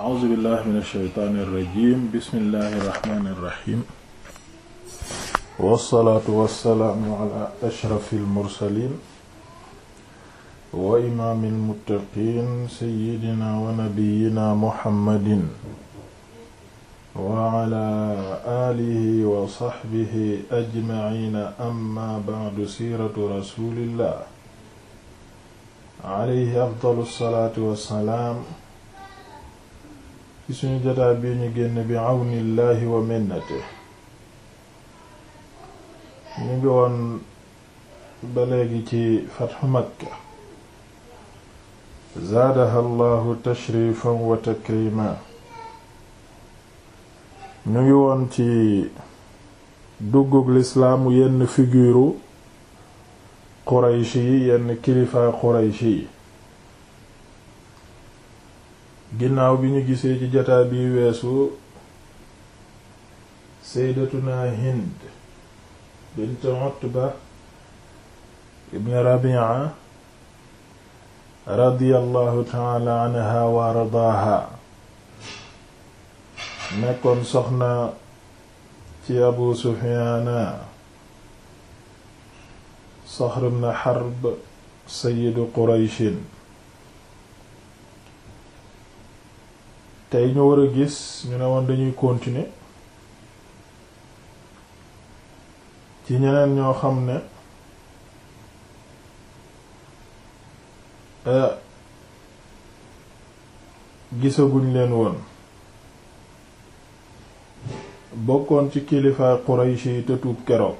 a'uuzu billahi min ash-shaytaani irrajim bismillahi irrahmani irrahim wassalaatu wassalaamu ala ashrafi almursalin wa imaami almuttaqiin sayyidina wa nabiyyina muhammadin wa ala aalihi wa sahbihi ajmaciina amma ba'du siiratu rasuulillah alayhi afdalu salaatu wassalaam ci suñu jotaay bii ñu génn bi àwnillaahi wa minnate ñu ngi woon ba gi ci fatxu makka zaadaha allahu tashrifan wa takrima ñu ngi woon ci duggug lislaamu yenn figuru qurayshi yi yenn kilifaa qurayshi yi ginnaaw bi ñu gisee ci jataa bi weesu saydatuna hind bint utba ibn rabi'a wa ardaaha nekkoon soxna ci abu sufyaana saxr ibn harb sayyidu tey ñu war a gis ñu ne woon dañuy continuer ci ñeneen ñoo xam ne euh, gisaguñ leen woon bokkoon ci kilifaay Quraysh yi te tuub keroog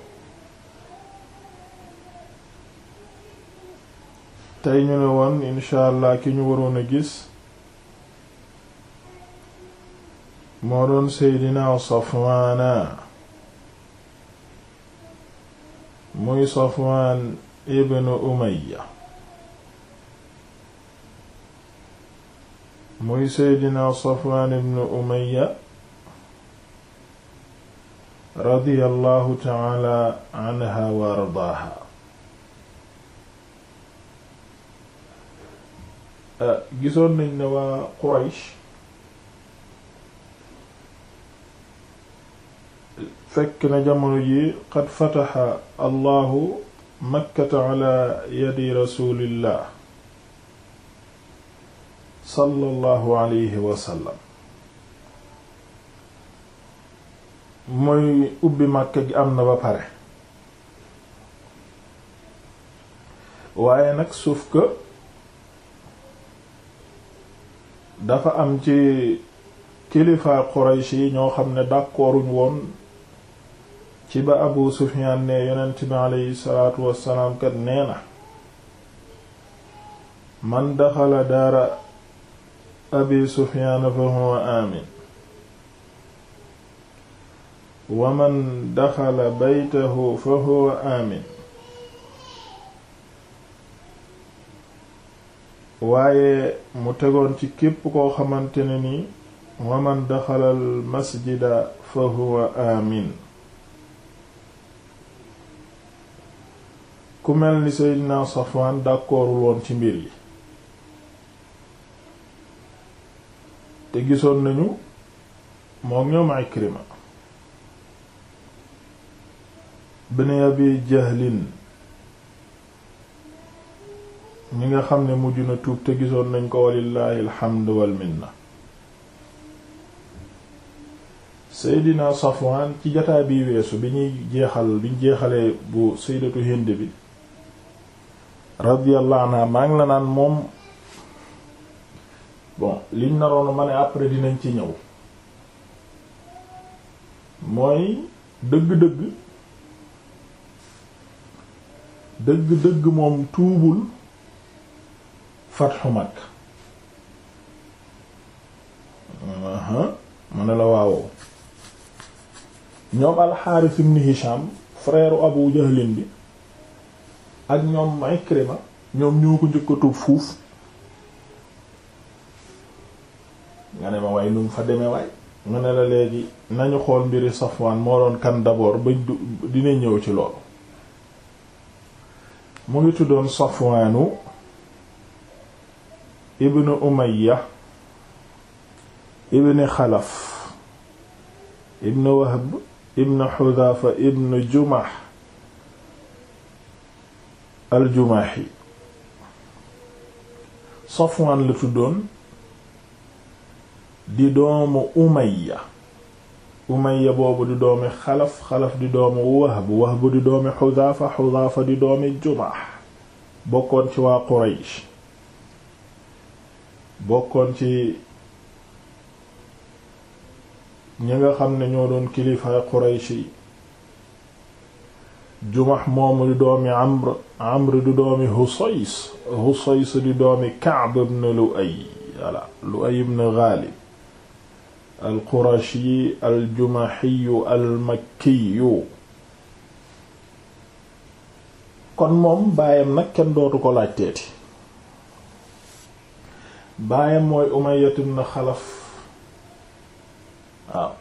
tey ñu ne woon incha ki ñu waroon a gis moo doon seydinaa safwaana muy safwaan ibnu umaya muy seydinaa safwaan ibnu umaya radiyallahu taala anha wa ardaaha gisoon nañ ne waa quraysh fekk na jamono ji qad fataxa allahu makkata ala yadi rasulillah sallallahu alayhi wasallam mooy ubbi màkka gi am na ba pare waaye nag suuf que dafa am ci kilifaa Quraysh ñoo xam ne d'accorduñ woon ci ba abu sufiyaan ne yonent bi aleyhi salaatu wassalaam kat nee na man daxala daara abi sufiaana fa huwa aamin waaye mu tegoon ci képp koo xamante ne ni wa man masjida fa huwa aamin ku mel ni Seydina Safwan d'accordul woon ci mbir yi te gisoon nañu moom ñoom Ikrima ibn Abi Jahlin ñi nga xam ne mujj na tuub te gisoon nañ ko walillahi alhamdu wal minna Seydina Safwan ci jataa bi weesu bi ñuy jeexal bi ñu jeexalee bu Sayyidatu Hind bi radiyallahu anha maa ngi la naan moom bon liñ naroon ma ne après dinañ ci ñëw mooy dëgg-dëgg dëgg-dëgg moom tuubul fatxu mag mu ne la waawoo ñoom alxaaris ibn Hisham frère Abu Jahlin bi ak ñoom Ikrima ñoom ñoo ko njëkk fuuf nga ne ma way nu mu fa demee waay mu ne la léegi nañu xool mbiri Safwaan moo doon kan d'abord ba dina ñëw ci loolu mu ngi tuddoon Safwaanu ibnu Umayya ibni Xalaf ibnu Wahb ibnu Xudaafa ibnu Jumah aljumahi Safwan la tuddoon di doomu Umayya Umayya boobu di doomi Xalaf Xalaf di doomu Wahb Wahb di doomi Xudaafa Xudaafa di doomi Judah bokkoon ci waa Quraysh bokkoon ci ñi nga xam ne ñoo doon kilifa Quraysh yi jumax moomu di doomi amr amr di doomi husays husays di doomi ka'b ibn lu'ay voilà lu'ay ibn ghalib alqurashi aljumaxiyu kon moom baayam nag kenn dootu ko laajteeti teeti baayam mooy umayyat ibn xalaf waaw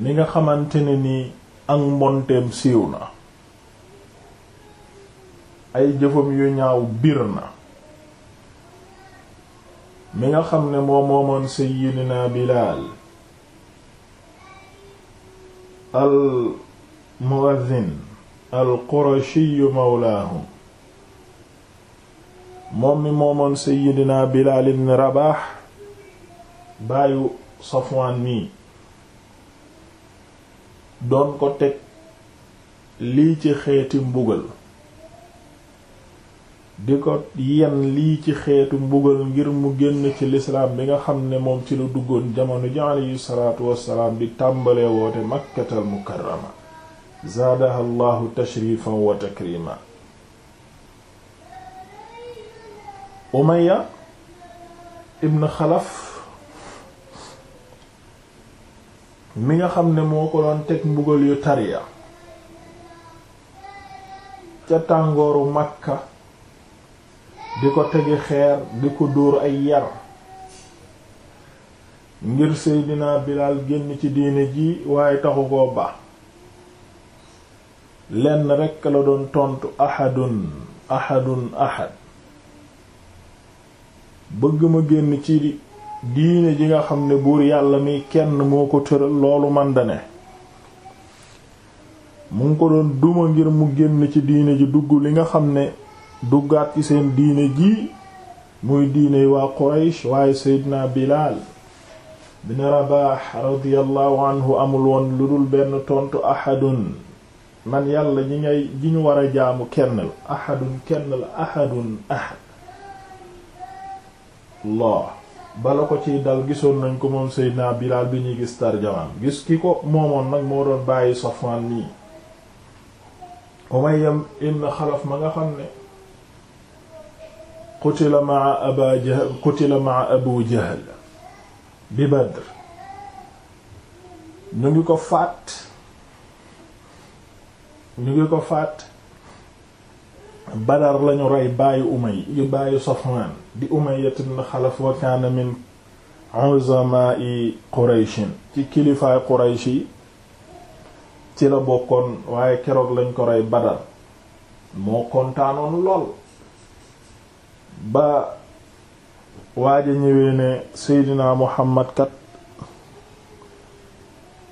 ni nga xamante ne nii ak mbonteem siiw na ay jëfam yu ñaaw bir na mi nga xam ne moo moomoon sayyidina Bilaal al muwazzin al qurashi mawlaahum moom mi moomoon sayyidina Bilaal ibn Rabaah baayu Safwaan mi doon ko teg lii ci xeeti mbugal di ko yenn lii ci xeetu mbugal ngir mu génn ci lislaam bi nga xam ne moom ci lu duggoon jamono ji aleyhi salaatu wassalaam bi tàmbalee woote makkatal mukarrama zaadaha llahu tashrifan wa takrima umaya ibn xalaf mi nga xam ne moo ko doon teg mbugal yu tariya ca tàngooru Makka di ko tegi xeer di ko dóor ay yar ngir Seydina Bilaal génn ci diine ji waaye taxu koo ba lenn rekk la doon tontu ahadun ahadun ahad bëgg ma génn ci diine ji nga xam ne buur yàlla mi kenn moo ko tëral loolu man da mu ngi ko doon duma ngir mu génn ci diine ji dugg li nga xam ne duggaat ci seen diine ji muy diine waa Quraysh waaye Seydina Bilaal bin Rabaax radiyallahu anhu amul woon lu dul benn tontu ahadun man yàlla ñi ngay ji ñu war a jaamu kenn la ahadun kenn la ahadun ahad bala ko ci dal gisoon nañ ko moom Seydina Bilaal bi ñuy gis tarjamaan gis ki ko moomoon nag moo doon bàyyi Safwaan nii Umayyam ibn Xalaf ma nga xam ne qutila ma'a Abu Jahl bi Badr ñu ngi ko faat ñu ngi ko faat badar lañu rey baayu umay yu baayu safwaan di umayyat ibn xalaf wa kaana min uzamaa'i qurayshin ci kilifaay quraysh ci la bokkoon waaye keroog lañ ko rey badar moo kontaanoon lool ba waaja ñëwee ne seydinaa muhammad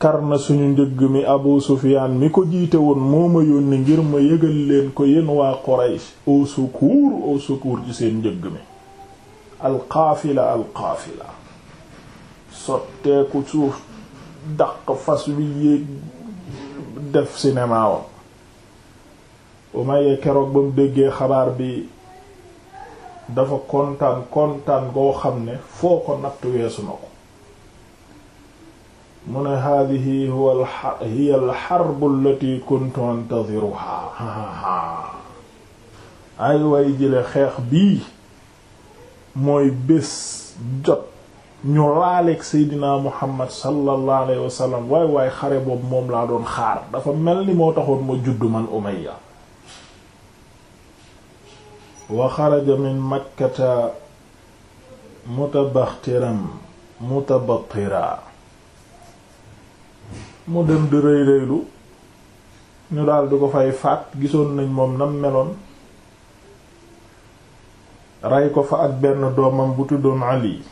Karna suñu njëgg mi Abu Sufyaan mi ko jiite woon moo ma yónni ngir ma yëgal leen ko yéen waa Quraysh au secours ci seen njëgg mi alqaafila alqaafila sotteeku suuf daq fas wi yéeg def cinéma wam keroog ba mu déggee xabaar bi dafa kontaan kontaan goo xam ne foo ko natt weesu na ko mu ne hadihi huwa hiya alxarbu allati kuntu antadiruha ay way jële xeex bii mooy bés jot ñu laaleeg seydina muhammad sallallahu alayhi wa sallam waay waay xare boobu moom laa doon xaar dafa mel ni moo taxoon ma juddu man umayya wa xaraja min makkata mutabaxtiram mutabatira mu dem di rëylu ñu daldi ko fay faat gisoon nañ moom nam meloon rey ko fa ak benn doomam bu tuddoon Ali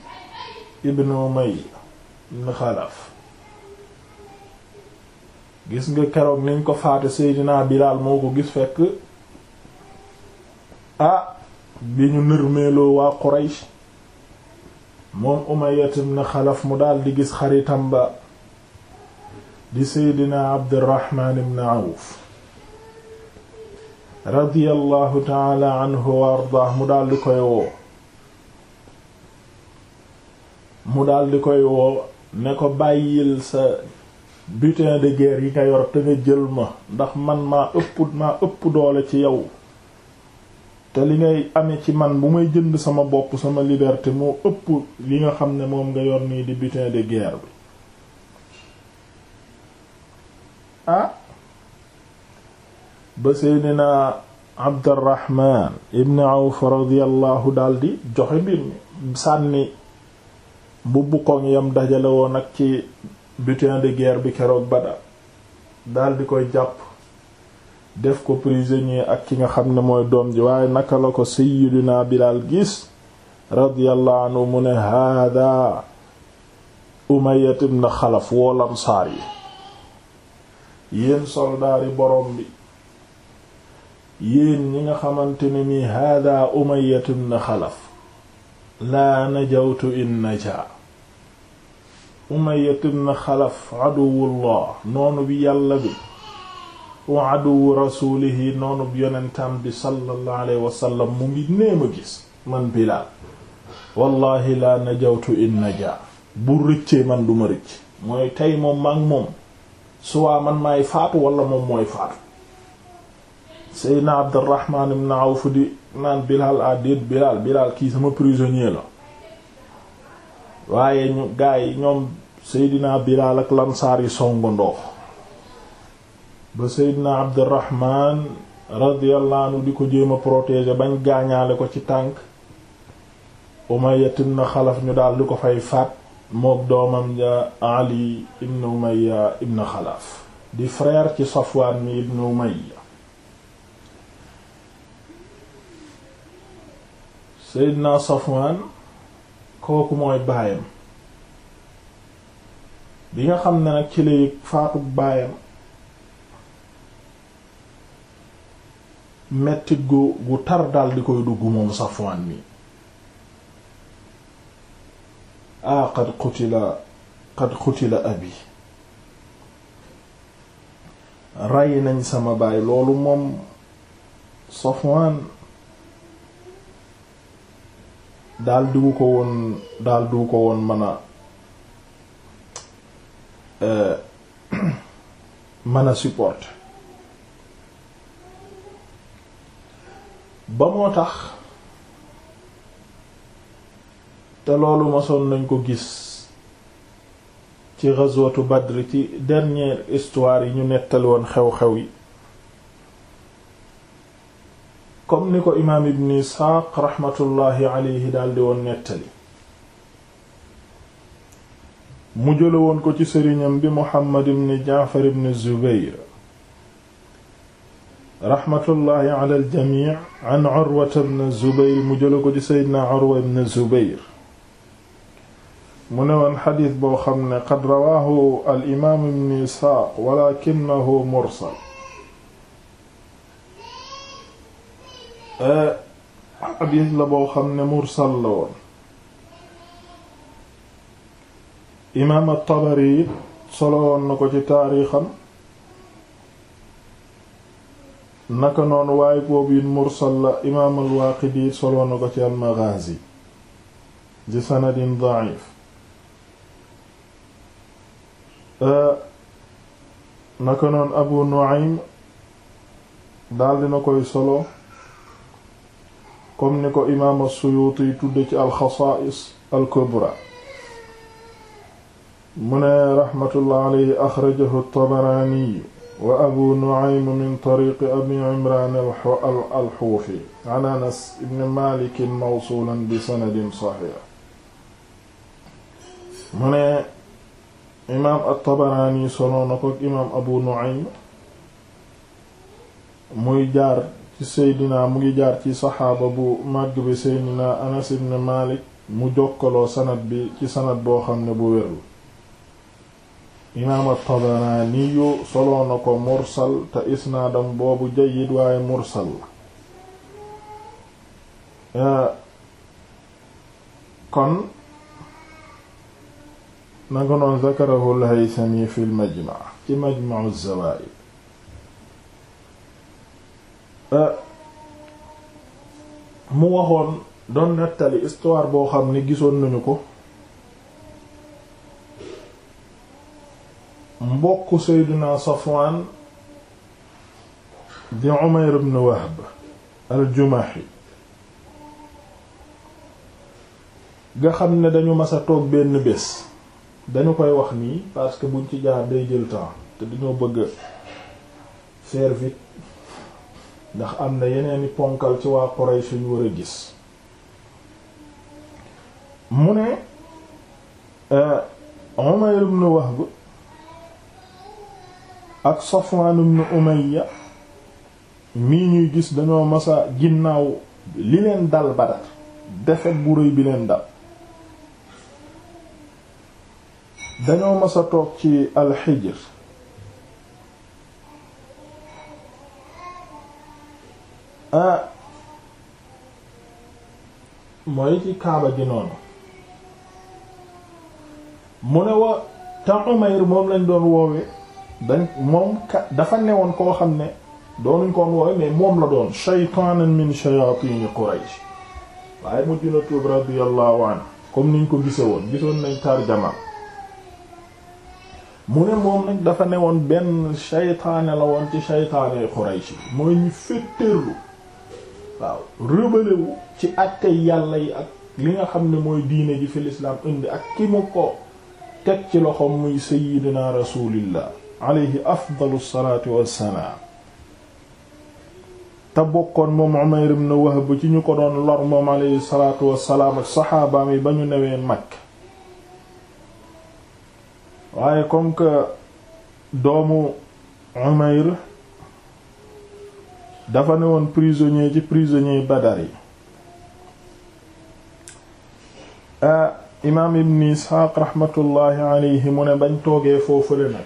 ibn Umayya ibn Xalaf gis nga keroog niñ ko faate Seydina Bilaal moo ko gis fekk ah bi ñu nërmeeloo waa Quraysh moom Umayya ibn Xalaf mu daal gis xaritam ba di seydina abdirahmaan ibn awf radiyallahu taala anhu wa ardaah mu daldi koy woo mu daldi koy woo ne ko bàyyil sa butin de guerre yi nga yor te nga jël ma ndax man maa ëpp maa ëpp doole ci yow te li ngay amee ci man bu may jënd sama bopp sama liberté moo ëpp li nga xam ne moom nga yor nii di butin de guerre bi ah ba seydina abdarrahman ibn awf radiallahu daldi joxe mbir mi sànni bubbu koŋ yam dajale ak ci butin de guerre bi keroog Badar daldi koy jàpp def ko prisonnier ak ki nga xam ne mooy doom ji waaye naka la ko sayyidina Bilaal gis radiyallahu anhu mu ne hada Umayya ibn Xalaf wal Ansaar yi yéen soldaari boroom bi yéen ñi nga xamante ne ni hada Umayya ibn Xalaf laa najawtu in najaa Umayya ibn Xalaf aduwullah noonu bi yàlla bi wa aduwu rasuulihi noonu bi yonentam bi sallallahu alayhi mu ngi nee ma gis man Bilaal wallahi laa najawtu in najaa bu rëccee man duma rëcc mooy tey moom maak moom suwaa man maay faatu wala moom mooy faatu seydna abdurrahman ibn awf di naan bilal adéet ah, bilal bilal kii sama prisonnier la waaye gaa yi ñoom seydna bilal ak lansaar yi songu ndox ba seydna abdurrahman radiyallahu anhu di ko jéem a protéger bañ gaañaale ko ci tànk umayyah ibn xalaf ñu daal di ko fay faat mook doomam ja ali ibn umayya ibn xalaaf di frère ci safwaan mi ibn umayya seydina safwaan kooku mooy baayam bi nga xam ne nag ci la faatu baayam mettit gu gu tar dal di koy dugg moom safwaan mi ah qad qutila qad qutila abi rey nañ sama baay loolu moom Safwan daal diwu ko woon daal diwu ko woon mën a eh, mën a supporter ba moo tax te loolu mosoon nañ ko gis ci ghazwatu Badr ci dernière histoire yi ñu nettali woon xew-xew yi comme ni ko imaam ibn Isxaaq raxmatullaahi alayhi daldi woon nettali mu jële woon ko ci sëriñam bi Muhammad ibn Jaafar ibn Zubayr raxmatullaahi ala al jamii an Urwa ibn Zubayr mu jële ko ci seydina Urwa ibn Zubayr mu ne woon xadis boo xam ne qad rawaahu al imaam ibn isxaaq walakinahu mursal xadis la boo xam ne mursal la woon imaam at solo woon na ko ci taarixam naka noonu waaye boobu it mursal la imaam al-Waaqidi solo na ko ci al-Maghaazi di sanadin naka noon abu nu'aym daal dina koy solo comme ni ko imaam as-suyuuti tudde ci alxasaa'is al-kubra mu ne raxmatullah alayhi axrajahu at-tabaraani wa abu nu'aym min tariiqi abi imraan al-xuufi an anas ibn maalik mawsuulan bi sanadin saxiix mu ne imaam at-Tabaraani solo na ak imaam Abu Nu'aym muy jaar ci seydina mu ngi jaar ci saxaaba bu màgg bi seydina Anas ibn Malik mu jokkaloo sanad bi ci sanad boo xam ne bu wérul imaam at-Tabaraani yu solo na ko mursal te isnaadam boobu jayyid waaye mursal eh, kon na ko noon zakarahu al-Haythami fi majma ci Majma'u az-Zawaa'id euh, mu waxoon doon nettali histoire boo xam ne gisoon nañu ko mbokk Seydina Safwan di Umayr ibn Wahb al-Jumahi nga xam ne dañu mas a toog benn bés dañu koy wax nii parce que buñ ci jaar day jël temps te duñoo bëgg faire ndax am na yeneeni ponkal ci waa Quraysh suñu war a gis mu ne euh, Umayr ibn Wahb ak Safwan ibn Umayya mii ñuy gis dañoo masa ginnaaw li leen dal Badar défaite bu rëy bi leen dal dañoo masa toog ci alxijr ah mooy ci kaaba gi noonu mu ne wa te Umayr moom lañ doon woowe dañ moom ka dafa newoon koo xam ne doonuñ koon woowe mais moom la doon shaytaanan min shayaatini Quraysh waaye mujj na tuub radiyallahu anhu comme niñ ko gise woon gisoon nañ tarjama mu ne moom nag dafa ne woon benn shaytaane la woon ci shaytaane Quraysh mooy ñu féttéerlu waaw rébalewu ci àtte yàlla yi ak li nga xam ne mooy diine ji fi lislaam indi ak ki mu ko teg ci loxoom muy sayyidina rasulillah alayhi afdalu salaatu wassalaam te bokkoon moom Umayr ibn Wahb ci ñu ko doon lor moom alayhi salaatu wassalaam ak saxaabaam yi ba ñu newee Makka waaye comme que doomu Umayr dafa ne woon prisonnier ci prisonnier Badar yi ah imaam Ibn Isxaaq raxmatullaahi alayhi mu ne bañ toogee foofule nag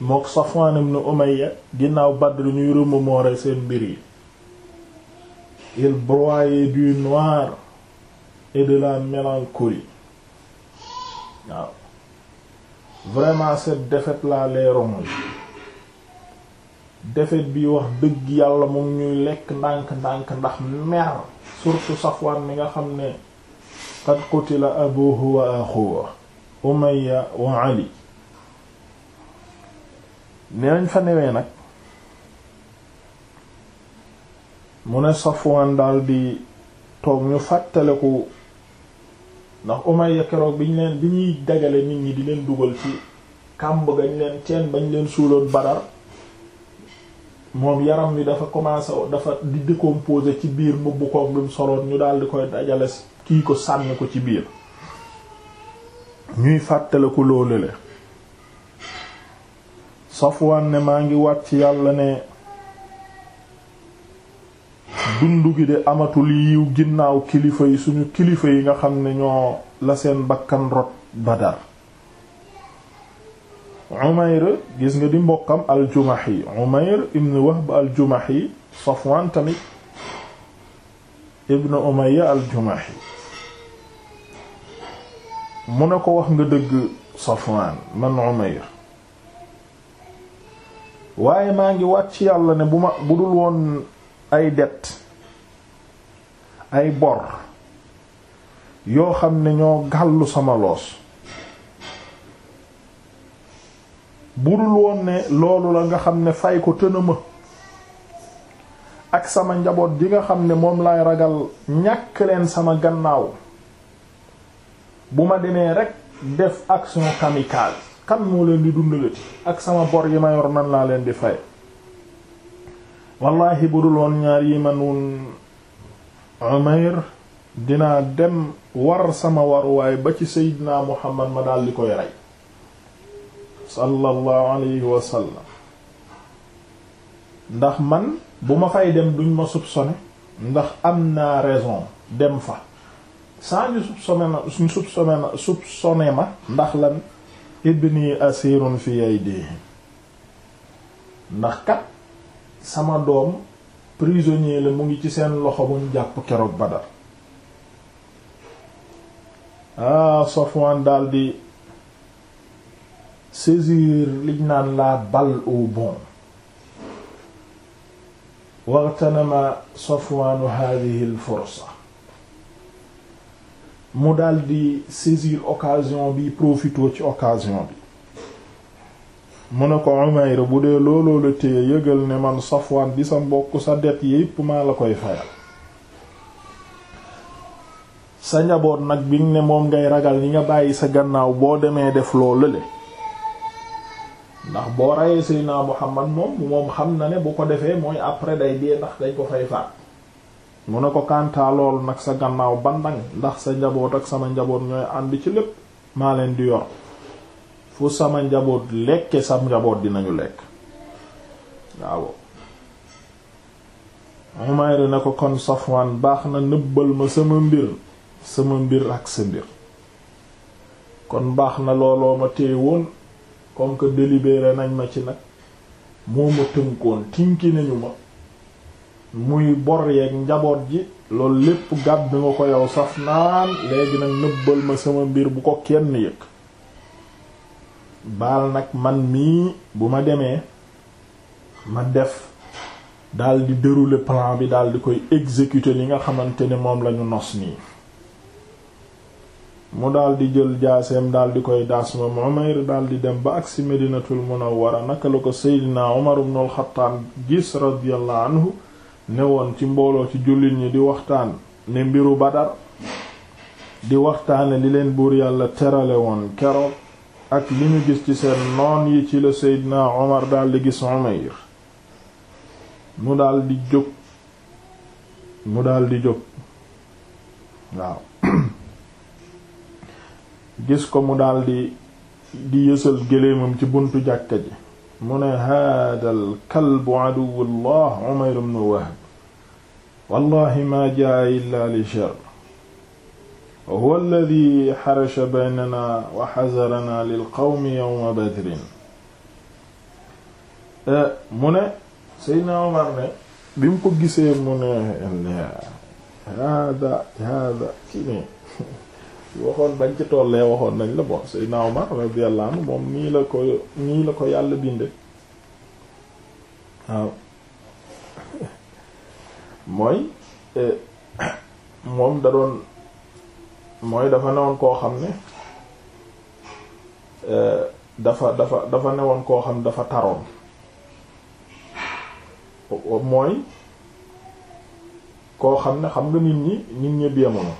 mook Safwaan ibn Umayya ginnaaw Badr ñuy remémorer seen mbir yi il broyait du noir et de la mélancolie waaw vraiment set défaite là les ronge défaite bi wax dëgg yàlla mu ngi ñuy lekk ndànk-ndànk ndax mer surtout Safwan mi nga xam ne qad qutila abuhu wa axuhu Umayya wa Ali neenañ fa newee nag mu ne Safwan daldi toog ñu fàttaleku ndax Umayya keroog bi ñu leen bi ñuy dajale nit ñi di leen dugal ci kàmb gañ leen teen bañ leen suuloon Badar moom yaram wi dafa commencé dafa di di décomposer ci biir mbubb koog lu mu soloon ñu dal di koy dajale kii ko sànni ko ci biir ñuy fàttaliku ku le Safwan ne maa ngi wàcc yàlla ne dund gi de amatul yiw ginnaaw kilifa yi suñu kilifa yi nga xam ne ñoo la seen bakkan rot Badar Umayr gis nga di mbokkam al-Jumahi Umayr ibn Wahb al-Jumahi Safwan tamit ibn Umayya al-Jumahi mu ne ko wax nga dëgg Safwan man Umayr waaye maa ngi wàcc yàlla ne bu ma budul woon ay det ay bor yoo xam ne ñoo gàllu sama loos budul woon ne loolu la nga xam ne fay ko tëna ma ak sama njaboot ji nga xam ne moom laay ragal ñàkk leen sama gannaaw bu ma demee rek def ak action kamikaze kan moo leen di dundalati ak sama bor yi ma yor nan laa leen di fay wallahi budul woon ñaar yi man woon Umayr dinaa dem war sama waruwaay ba ci seydinaa Muhammad ma daal di koy rey sallallahu alayhi wa ndax man bu ma fay dem duñ ma soupçonné ndax am naa raison dem fa saa ñu soupçonné na ma ndax lan ibni asirun fi aydihim ndax kat sama doom prisonnier la mu ngi ci seen loxo buñ jàpp keroog Badar ah Safwan daldi saisir liñ naan la balle au bond waxtanama Safwanu hadhihi al fursa mu daldi saisir occasion bi profitoo ci occasion bi mu ne ko Umayr bu dee looloo la téye yëgal ne man Safwaan bi sa mbokk sa det yépp maa la koy fayal sa njaboot nag bi ne moom ngay ragal ñi nga bàyyi sa gannaaw boo demee def loo lële ndax boo rayee Seydina Muhammad moom moom xam na ne bu ko defee mooy après day dee ndax dañ ko fay faat mu ne ko kantaa loolu nag sa gannaaw bandang ndax sa njaboot ak sama njaboot ñooy ànd ci lépp maa leen di yor fu sama njaboot lekke sa njaboot dinañu lekk waaw Umayr na ko kon Safwan baax na nëbbal ma sama mbir sama mbir ak sa mbir kon baax na looloo ma téye woon comme que délibéré nañ ma ci nag moo ma tënkoon tinki nañu ma muy bor yeeg njaboot ji loolu lépp gàb bi nga ko yow Safnaan léegi nag nëbbal ma sama mbir bu ko kenn yëg baal nag man mii bu ma demee ma def daal di dérouler plan bi daal di koy exécuter li nga xamante ne moom lañu nos nii mu daldi jël jaaseem daal di koy daas moom Umayr daal di dem ba agsi Madinatul Munawwara naka la ko Seydina Umar ibn al-Khattab gis radiyallahu ne woon ci mbooloo ci jullit ñi di waxtaan ne mbiru Badar di waxtaane li leen buur yàlla terale woon keroog ak li ñu gis ci seen noon yi ci la Seydina Omar daldi gis Umayr mu daldi jóg mu daldi jóg waaw gis ko mu daldi di yësal géléemam ci buntu jàkka ji mu ne haadal kalbu aduwullah Umayr ibn Wahb wallahi ma jaa illa li shar huwa alladi xaraca baynana wa xasaranaa lilqawmi yowma badrin mu ne Seydina Omar ne bi mu ko gisee mu ne hada hada kii ne waxoon bañ ci tollee waxoon nañ la bon Seydina Omar radiyallahu anhu moom nii la ko nii la ko yàlla binde waaw mooy eh, moom da doon mooy dafa newoon koo xam ne euh, dafa dafa dafa newoon koo xam ne dafa taroon mooy koo xam ne xam nga nit ñi nit ñëpp yemono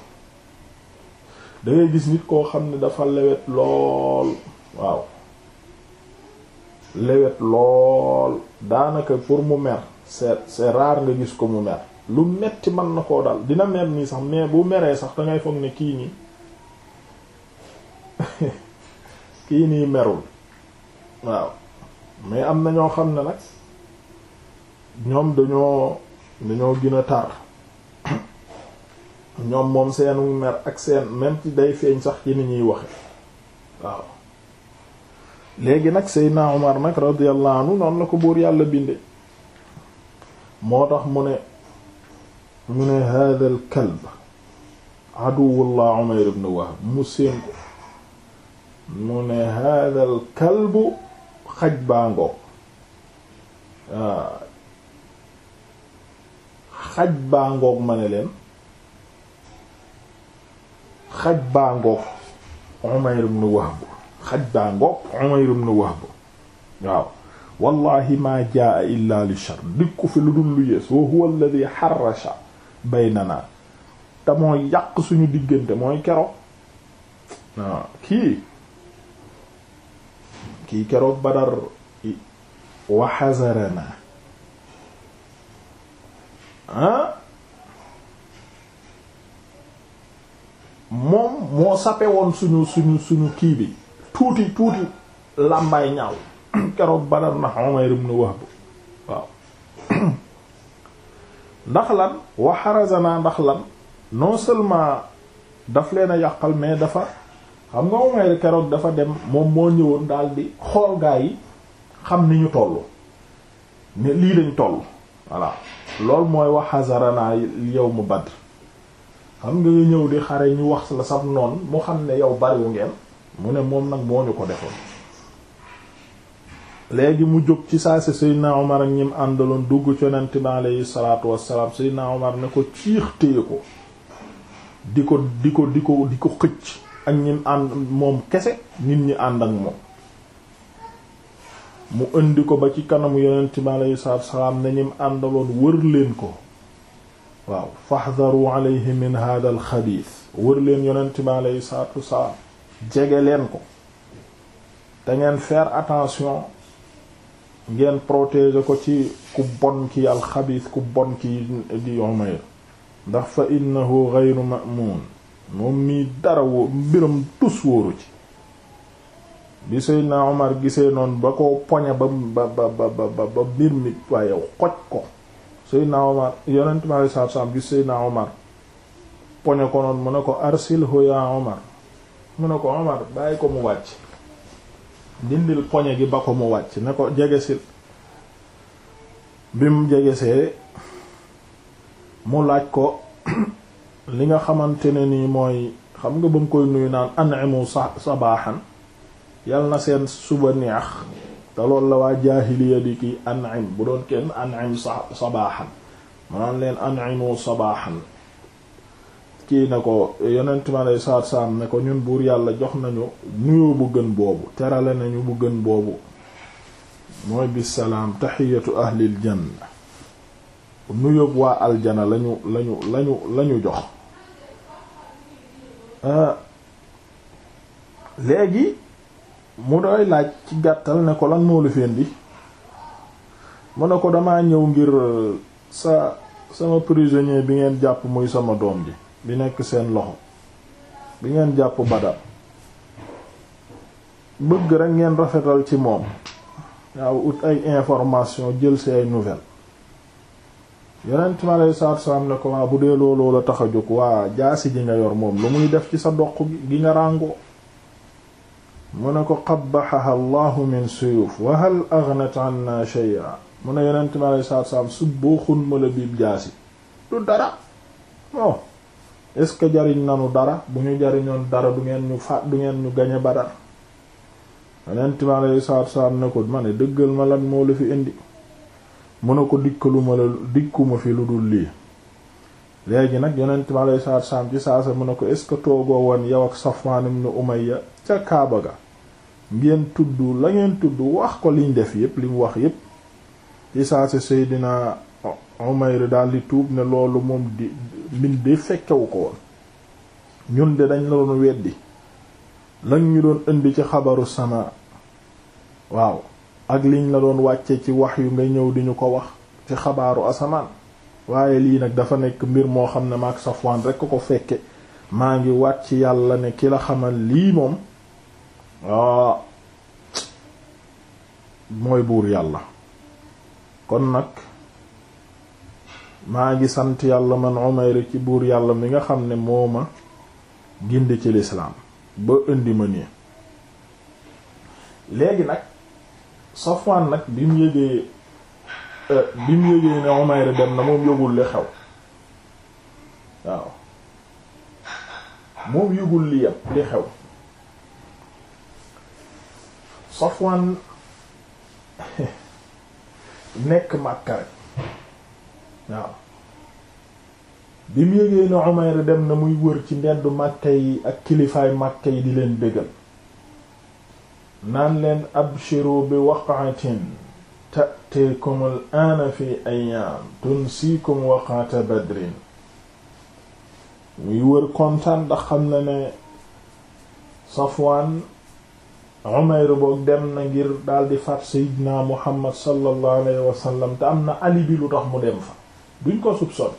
da ngay gis nit koo xam ne dafa lewet lool waaw lewet lool daanaka pour mu mer c'est c'est rare nga gis ko mu mer lu metti man na koo dal dina mer nii sax mais bu meree sax dangay foog ne kii nii kii nii merul waaw mais am na ñoo xam ne nag ñoom dañoo dañoo gën a tar ñoom moom seenu mer ak seen même day feeñ sax ci ni ñuy waxe waaw léegi nag Seydina Omar nag radiyallahu anhu noonu la ko buur yàlla binde moo tax mu ne mu ne hada al kalb aduwullah umayr ibn wahb mu séen ko mu ne hada al kalbu xaj baa ngoog ah, xaj baa ngoog ma ne leen xaj baa ngoog umayr ibn wahb xaj baa ngoog umayr ibn wahb waaw wallahi ma jaa illa li shar dikku fi lu dul lu yees wa huwa alladhi harrasha bay baynana te moo yàq suñu diggante mooy keroog waaw kii kii keroog badar wa na ah moom moo sape woon suñu suñu suñu kii bi tuuti tuuti làmbaay ñaaw keroog badar na Umayr ibn Wahb waaw ndax lan wa xarazana ndax lan non seulement daf leen a yàqal mais dafa xam nga Umayr keroog dafa dem moom moo ñëwoon daal di xool gaa yi xam ni ñu toll ne lii lañ toll voilà loolu mooy wax wa yow mu Badr xam nga ñëw di xare yi ñu wax la sam noon mu xam ne yow bariwu ngeen mu ne moom nag moo ñu ko defoon léegi mu jóg ci saa si Seydina Omar ak ñim àndaloon dugg ci yonent bi aleyhi salaatu wassalaam Seydina Omar ne ko ciixtee ko di ko di ko di ko di ko xëcc ak ñim ànd moom kese nit ñi ànd ak moom mu indi ko ba ci kanamu yonent bi aleyhi salaatu wassalaam ne ñim àndaloon wër leen ko waaw faxdaru alayhi min hada al wër leen yonent bi aleyhi salaatu wassalaam jege leen ko te ngeen faire attention ngeen protéger ko ci ku bon ki alxabiis ku bon ki di Umayr ndax fa innahu ghayru ma'mun moom mii dara woo mbiram tus wóoru ci bi Seydina Omar gisee noon ba ko poñe ba ba ba ba ba mbir mi waaye xoj ko Seydina Omar yonent mi alayhi salaatu salaam gis Seydina Omar poñe ko noonu mu ne ko arsilhu ya Omar mu ne ko Omar bàyyi ko mu wàcc dindil poñe gi ba ko mu wàcc ne ko jegesil bi mu jegesee mu laaj ko li nga xamante ne nii mooy xam nga ba mu koy nuyu naan an'imu sabaaxan yal na seen suba neex te loolu la waa jaahiliya di kii an'im bu doon kenn an'im sabaaxan maanaam leen an'imu sabaaxan kii ne ko yonent ma lay saat saam ne ko ñun buur yàlla jox nañu nuyoo bu gën boobu terale nañu bu gën boobu mooy bisalaam taxiyatu ahlil janna nuyoo waa aljana lañu lañu lañu lañu jox ah, léegi mu doy laaj ci gàttal ne ko lan moo lu feen bi mu ko damaa ñëw ngir sa sama prisonnier bi ngeen jàpp muy sama doom ji bi nekk seen loxo bi ngeen jàpp Badar bëgg rek ngeen rafetal ci moom waaw ut ay information jël ci ay nouvelles yonent mi aleyhi salaatu salaam ne ko waa bu dee looloo la tax a jóg waa jaasi ji nga yor moom lu muy def ci sa doq gi nga ràngoo mu ne ko qabbahaha allahu min suyuf wa hal anna shay'a mu ne yonent mi aleyhi salaatu salaam subboo xun ma la biib jaasi du dara non est-ce que jariñ nanu dara bu ñu jariñoon dara du ngeen ñu faat du ngeen ñu gañe Badar yonent mi alayhi salaatu salaam ne ko ma ne dëggal ma lan moo la fi indi mu ne ko dikkaluma la dikkuma fi lu dul lii léegi nag yonent mi alayhi salaatu salaam ci saasa mun ne ko est-ce que toogoo woon yow ak Safwaan ibn Umayya ca Kaaba ga ngeen tudd la ngeen tudd wax ko liñ def yépp li wax yépp ci saasa Seydina Umayr daal di tuub ne loolu moom di mbindee fekkewu ko woon ñun de dañ la doon weddi lañ ñu doon indi ci xabaru sama waaw ak liñ la doon wàcce ci wax yu nga ñëw di ñu ko wax ci xabaaru asamaan waaye lii nag dafa nekk mbir moo xam ne maak Safwaan rekk ko fekke maa ngi wàcc yàlla ne ki la xamal lii moom ah mooy buur yàlla kon nag maa ngi sant yàlla man Umayr ci buur yàlla mi nga xam ne moo ma gindi ci lislaam ba indi ma nii léegi nag Safwaan nag bi mu yëgee euh, bi mu yëgee ne Umayr dem na moom yëgul li xew waaw moom yëgul li yam li xew Safwaan nekk Makka waaw bi mu yëgee dem na muy wër ci ndendu Makka yi ak kilifaay Makka yi di leen bégal naan leen abshiru bi waqatin ta'tikum al-aana fi ayyaam tunsikum waqata badrin muy wër kontaan ndax xam na ne Safwaan Umayr boog dem na ngir daldi faat Seydina Muhammad sallallahu alayhi wa te am na alibi lu tax mu dem fa duñ ko soupçonné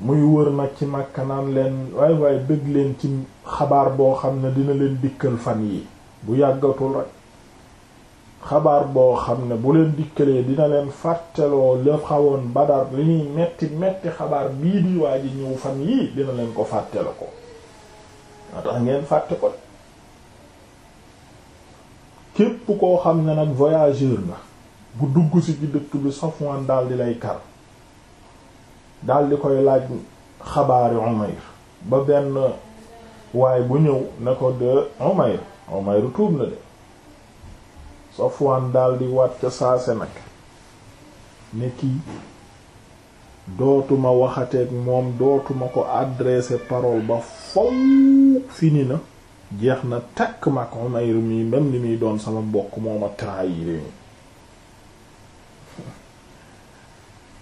muy wër nag ci Makka leen waay waay bëgg leen ci xabaar boo xam ne dina leen dikkal fan yi bu yàggatul rek xabaar boo xam ne bu leen dikkalee dina leen fàttaloo la xawoon Badar li ñuy metti metti xabaar bii di waa ñëw fan yii dina leen ko fàttale ko moo tax ngeen fàtte ko képp koo xam ne nag voyageur nga bu dugg si ci dëkk bi Safwan daal di lay kar daal di koy laaj xabaari Umayr ba benn waaye bu ñëw ne ko de Umayr Umayr tuub na de Safwan daal di waat ca saase nag ne kii dootuma waxateeg moom dootuma ko adressé parole ba faw fini na jeex na takk mag Umayr mi même li muy doon sama mbokk mooma trahir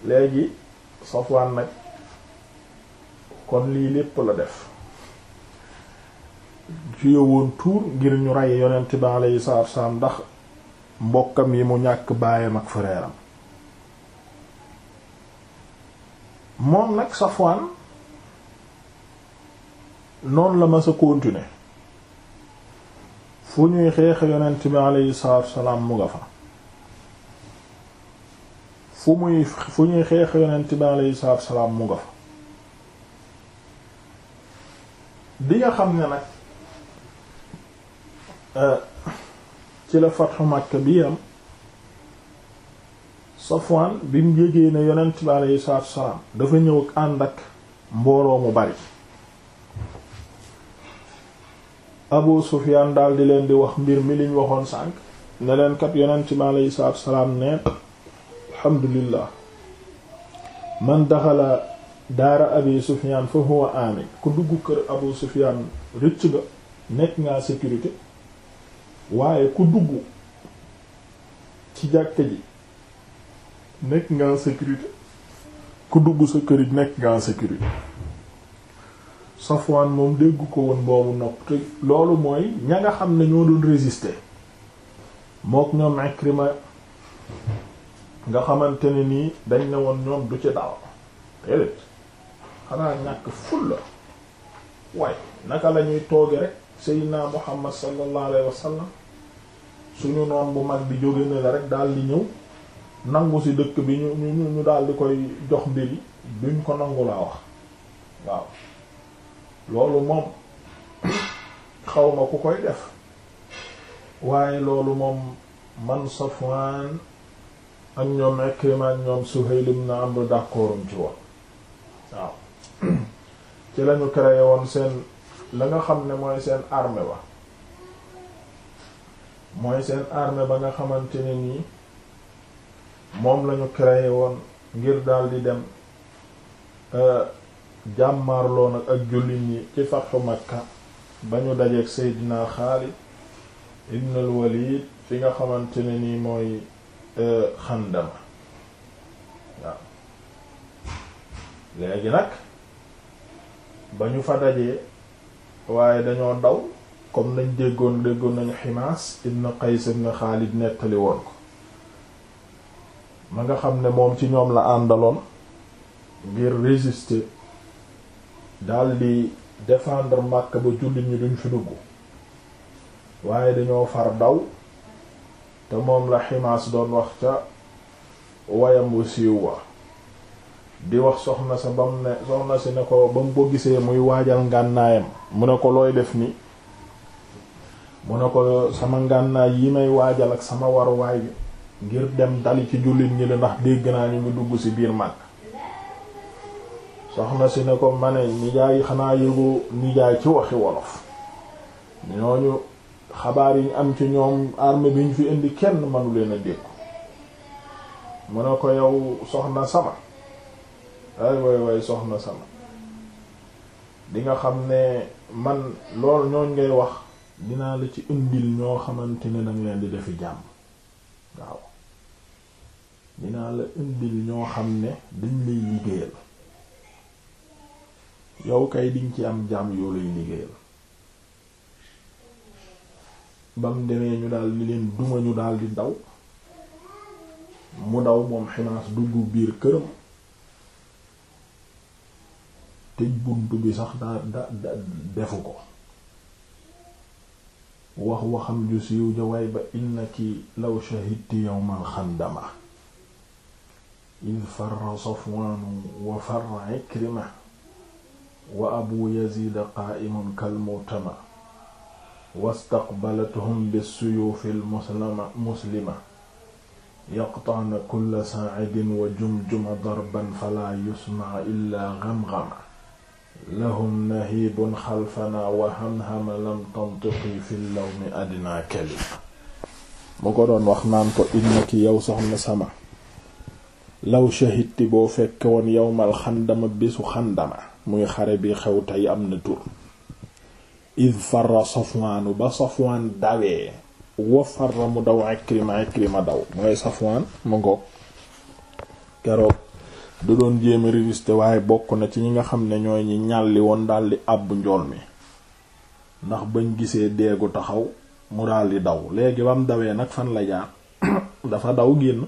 léegi Safwaan nag kon lii lépp la def ci yowoon tuur ngir ñu rey yonent bi alayhi salaatu wa salaam ndax mbokkam yi mu ñàkk baayam ak frère moom nag Safwaan noonu la ma sa continuer fu ñuy xeex yonent bi alayhi salaatu wa salaam mu nga fa fu muy fu ñuy xeex yonent bi aleyhi salaatu salaam mu nga fa bi nga xam ne nag euh, ci la fatxu Makka bi am Safwan bi mu yégee ne yonent bi aleyhi salaatu salaam dafa ñëw ak ànd ak mbooloo mu bari Abu Sufyaan daal di leen di wax mbir mi liñ waxoon sànq ne leen kat yonent bi aleyhi salaatu salaam ne alhamdulillah man daxala daara abi sufyan fa huwa amin ku dugg kër abu sufyan rëcc nga nekk ngaa sécurité waaye ku dugg ci jàkka ji nekk nga sécurité ku dugg sa kër ji nekk ngaa sécurité Safwan moom dégg ko woon boobu nopp te loolu mooy ña nga xam ne ñoo doon résister mook ñoom Ikrima nga xamante ne nii dañ ne woon ñoom du ci dal déedéet xanaa ñàkk ful la waaye naka la ñuy tooge rek sayyidina Muhammad sallallahu alayhi wa sallam suñu noon bu mag bi jóge na la rek daal di ñëw nangu si dëkk bi ñu ñu ñu daal di koy jox mbir yi duñ ko nangu laa wax waaw loolu moom xaw ma ku koy def waaye loolu moom man Safwan ak ñoom Ikrima ak ñoom Suhayl ibn Amr d'accorduñ ci woon waaw ci lañu créé woon seen la nga xam ne mooy seen armée ba mooy seen armée ba nga xamante ne nii moom lañu créé woon ngir daal di dem euh, jàmmaarloo nag ak jullit ñi ci fatxu Makka ba ñu dajeeg Seydina Xaalid ibn al Walid fi nga xamante ne nii mooy E, xandama waaw léegi nag ba ñu fa dajee waaye dañoo daw comme nañ déggoon déggoon nañu ximaas ibn Qays ibn Xaalid nettali woon ko ma nga xam ne moom ci ñoom la àndaloon ngir résister daldi défendre Makka ba jullit ñi duñ fi dugg waaye dañoo far daw te moom la ximaas doon wax ca wayam wu siiw wa di wax soxna sa bam ne si ne ko ba mu ko gisee muy waajal ngànnaayam mu ne ko looy def nii mu ne ko sama ngànnaay yi may waajal ak sama waruwaay ngir dem dali ci jullit ñi la ndax dégg naa ñu ngi dugg si biir màkk soxna si ne ko ma ne nijaay xanaa yëgu nijaay ci waxi wolof ñooñu xabaar yi ñu am ci ñoom armée bi ñu fi indi kenn manu leen a dégg mu ne ko yow soxna sama ay way way soxna sama di xam ne man lool ñooñ ngay wax dinaa la ci indil ñoo xamante ne danga leen di defi jàmm waaw dinaa la indil ñoo xam ne dañ lay liggéeyal yow kay diñ ci am jàmm yoo lay liggéeyal ba mu demee ñu daal di leen duma ñu daal di daw mu daw moom Hinaas dugg biir këram tëj bunt bi sax daa da defu ko wax waxam ju siiw ja waay ba innaki law shahidti yawmal xandama id farra Safwaanu wa farra Ikrima wa abu Yaziid qaa'imun kal wastaqbalathum bissuyuufi lmuslima muslima yaqta'na kulla saa'idin wa jumjuma darban falaa yusma'a illaa ghamghama lahum nahibun xalfanaa wa hamhama lam tantiqi fi llawmi adnaa kalima mu ko doon wax naan ko innaki yow soxna sama law shahidti boo fekke woon yowmal xandama bésu xandama muy xare bi xew tey am na tur id farra safwaanu ba safwaan dawee wa farra mu daw Ikrima Ikrima daw mooy safwaan mu ngoog keroog da doon jéem a waaye bokk na ci ñi nga xam ne ñooy ñi ñàlli woon daldi àbb njool mi ndax bañ gisee deegu taxaw mu daldi daw léegi bam dawee nag fan la jaar dafa daw génn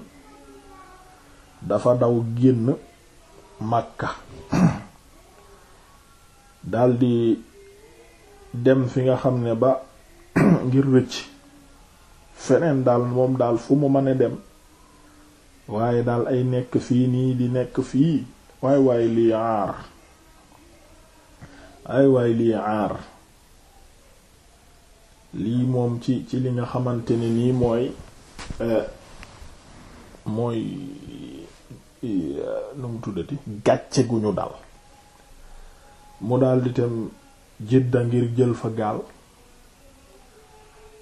dafa daw génn Makka daldi dem fi nga xam ne ba ngir rëcc feneen daal moom daal fu mu mën a dem waaye daal ay nekk fii nii di nekk fii waay waay lii aar ay waay lii aar lii moom ci ci li nga xamante ne nii mooy eh, mooy eh, nu mu tuddati gàcce gu ñu dal mu daldi tam jidda ngir jël fa gaal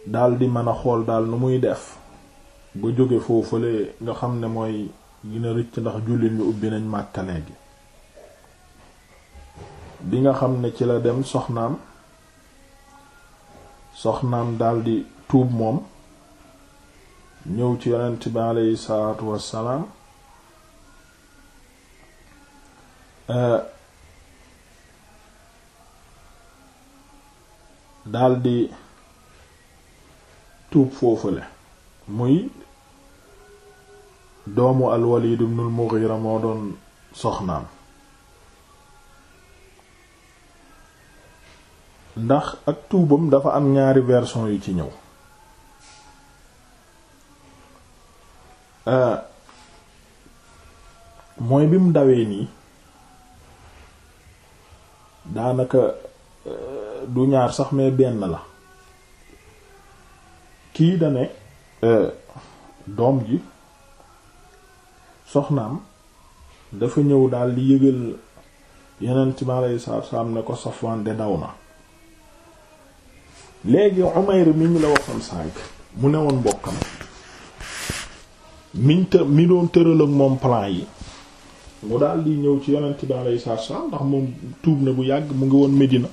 daldi mën a xool daal nu muy def ba jóge foofale nga xam ne mooy gina rëcc ndax jullit ñu ubbi nañ Màkka léegi bi nga xam ne ci la dem soxnaam soxnaam daldi tuub moom ñëw ci yonent bi aleyhi salaatu wassalaam euh, daldi tuub la muy doomu al-Walid ibn al-Mughira moo doon soxnaam ndax ak tuubam dafa am ñaari version yu ci ñëw euh, mooy bi mu dawee nii daanaka euh, du ñaar sax mais benn la kii dane euh, doom ji soxnaam dafa ñëw daal di yëgal yeneen ci ma lay saabsaab ne ko Safwan de daw na léegi Umayr mi ñu la waxoon sànq mu newoon mbokkam miñ të mi doon tëral ak moom plan yi mu daal di ñëw ci yeneen ci ma lay saabsaab ndax moom tuub na bu yàgg mu ngi woon Medina.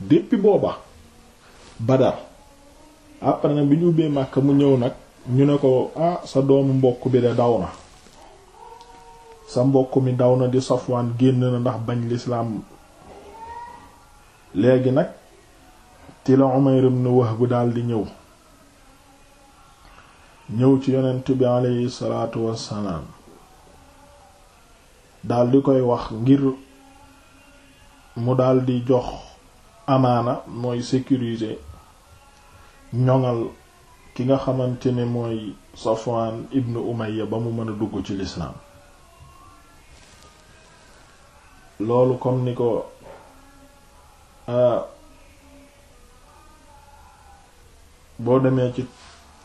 depuis booba Badar après nag bi ñu ubbee Makka mu ñëw nag ñu ne ko ah sa doomu mbokk bi de daw na sa mbokk mi daw na di Safwaan génn na ndax bañ lislaam léegi nag ci la Umayr ibn Wahb daldi ñëw ñëw ci yonent bi aleyhi salaatu wassalaam daldi koy wax ngir mu daldi jox amaana mooy sécuriser ñoŋal ki nga xamante ne mooy Safwan ibn Umayya ba mu mën a dugg ci lislaam loolu comme ni ko boo demee ci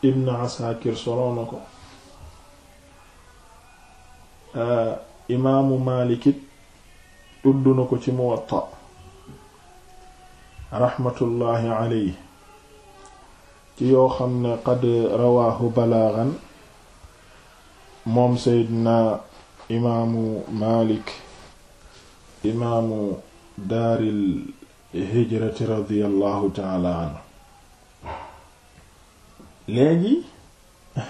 Ibn Asakir solo na ko imaamu Maalik it na ko ci Muwatta raxmatullaahi alayhi ci yoo xam ne qad rawaahu balaagan moom seydina imaamu Maalik imaamu daaril hijrati radiyallahu taala anhu léegi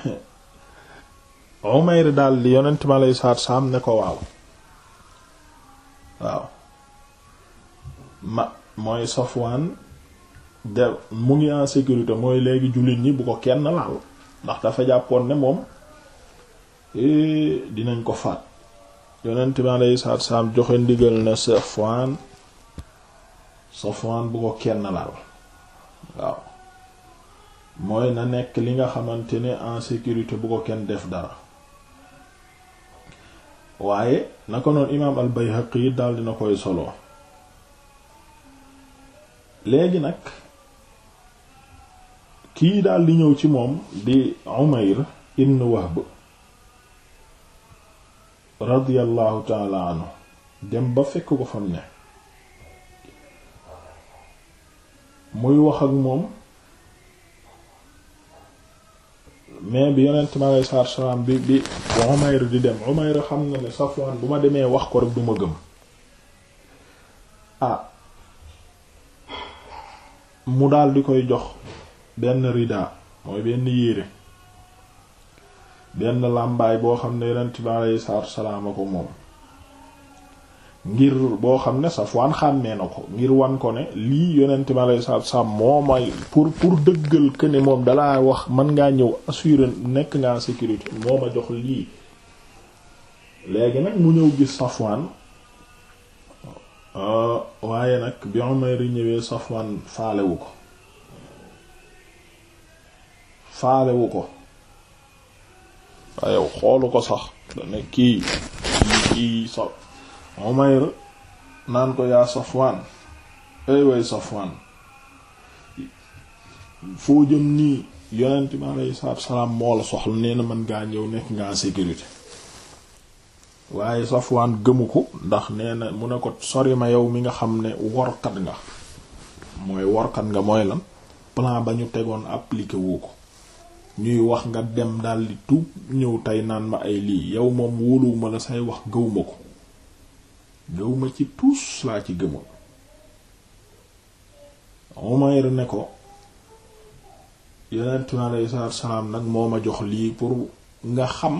Umayr daldi saam ne ko waaw mooy Safwan de mu ngi en sécurité mooy léegi jullit ñi bu ko kenn laal ndax dafa jàppoon ne moom eh, dinañ ko faat yonent bi alayhi salaatu salaam joxe ndigal na Safwan Safwan bu ko kenn laal waaw mooy na nekk li nga xamante ne en sécurité bu ko kenn def dara waaye naka noonu imaam al-Bayhaqi daal dina koy solo léegi nag kii daal di ñëw ci moom di Umayr ibn Wahb radiyallahu taala dem ba fekk ko fam ne muy wax ak moom mais bi yonent mi alei salaatu salaam bi bi Umayr di dem Umayr xam na ne Safwan bu ma demee wax ko rek du ma gëm ah, mu dal di koy jox benn rida mooy benn yére benn làmbaay boo xam ne yonent bi aleyhi salaatu salaam a ko moom ngir boo xam ne Safwaan xàmmee na ko ngir wan ko ne lii yonent bi aleyhi moo may pour pour dëggal que moom dalaa wax man ngaa ñëw assurer nekk nga sécurité moo ma jox lii léegi nag mu ñëw gis Safwaan Euh, waaye nag bi Umayr ñëwee Safwan faalewu ko faalewu ko waaye xoolu ko sax dana kii kii sa Umayr naan ko yaa Safwan ay way Safwan foo jëm nii yonent bi aleyhi salaatu salaam moo la soxla nee mën ngaa ñëw nekk nga en sécurité waaye Safwaan gëmu ko ndax nee na mu ne ko sori ma yow mi nga xam ne workat nga mooy workat nga mooy la plan ba ñu tegoon appliqué ko ñuy wax nga dem daldi tuub ñëw tey naan ma ay lii yow moom wóoluwuma la say wax gëwuma ko gëwuma ci tuus laa ci gëmul Umayr ne ko yonent mi alayhi salaam nag moo ma jox lii pour nga xam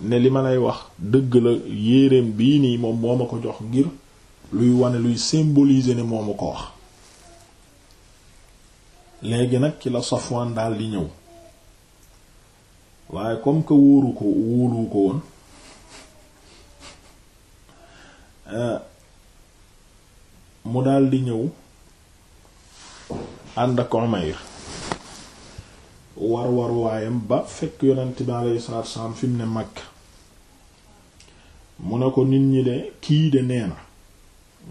ne li ma lay wax dëgg la yéreem bii nii moom moo ma ko jox ngir luy wane luy symboliser ne moo ma ko wax léegi nag ci la Safwan daal di ñëw waaye comme que wóoru ko wóolu ko woon euh, mu daldi ñëw ànd ak Umayr war war waayam ba fekk yonent bi alayhi salaatu salaam fi ne Makka mu ne ko nit ñi de kii de nee na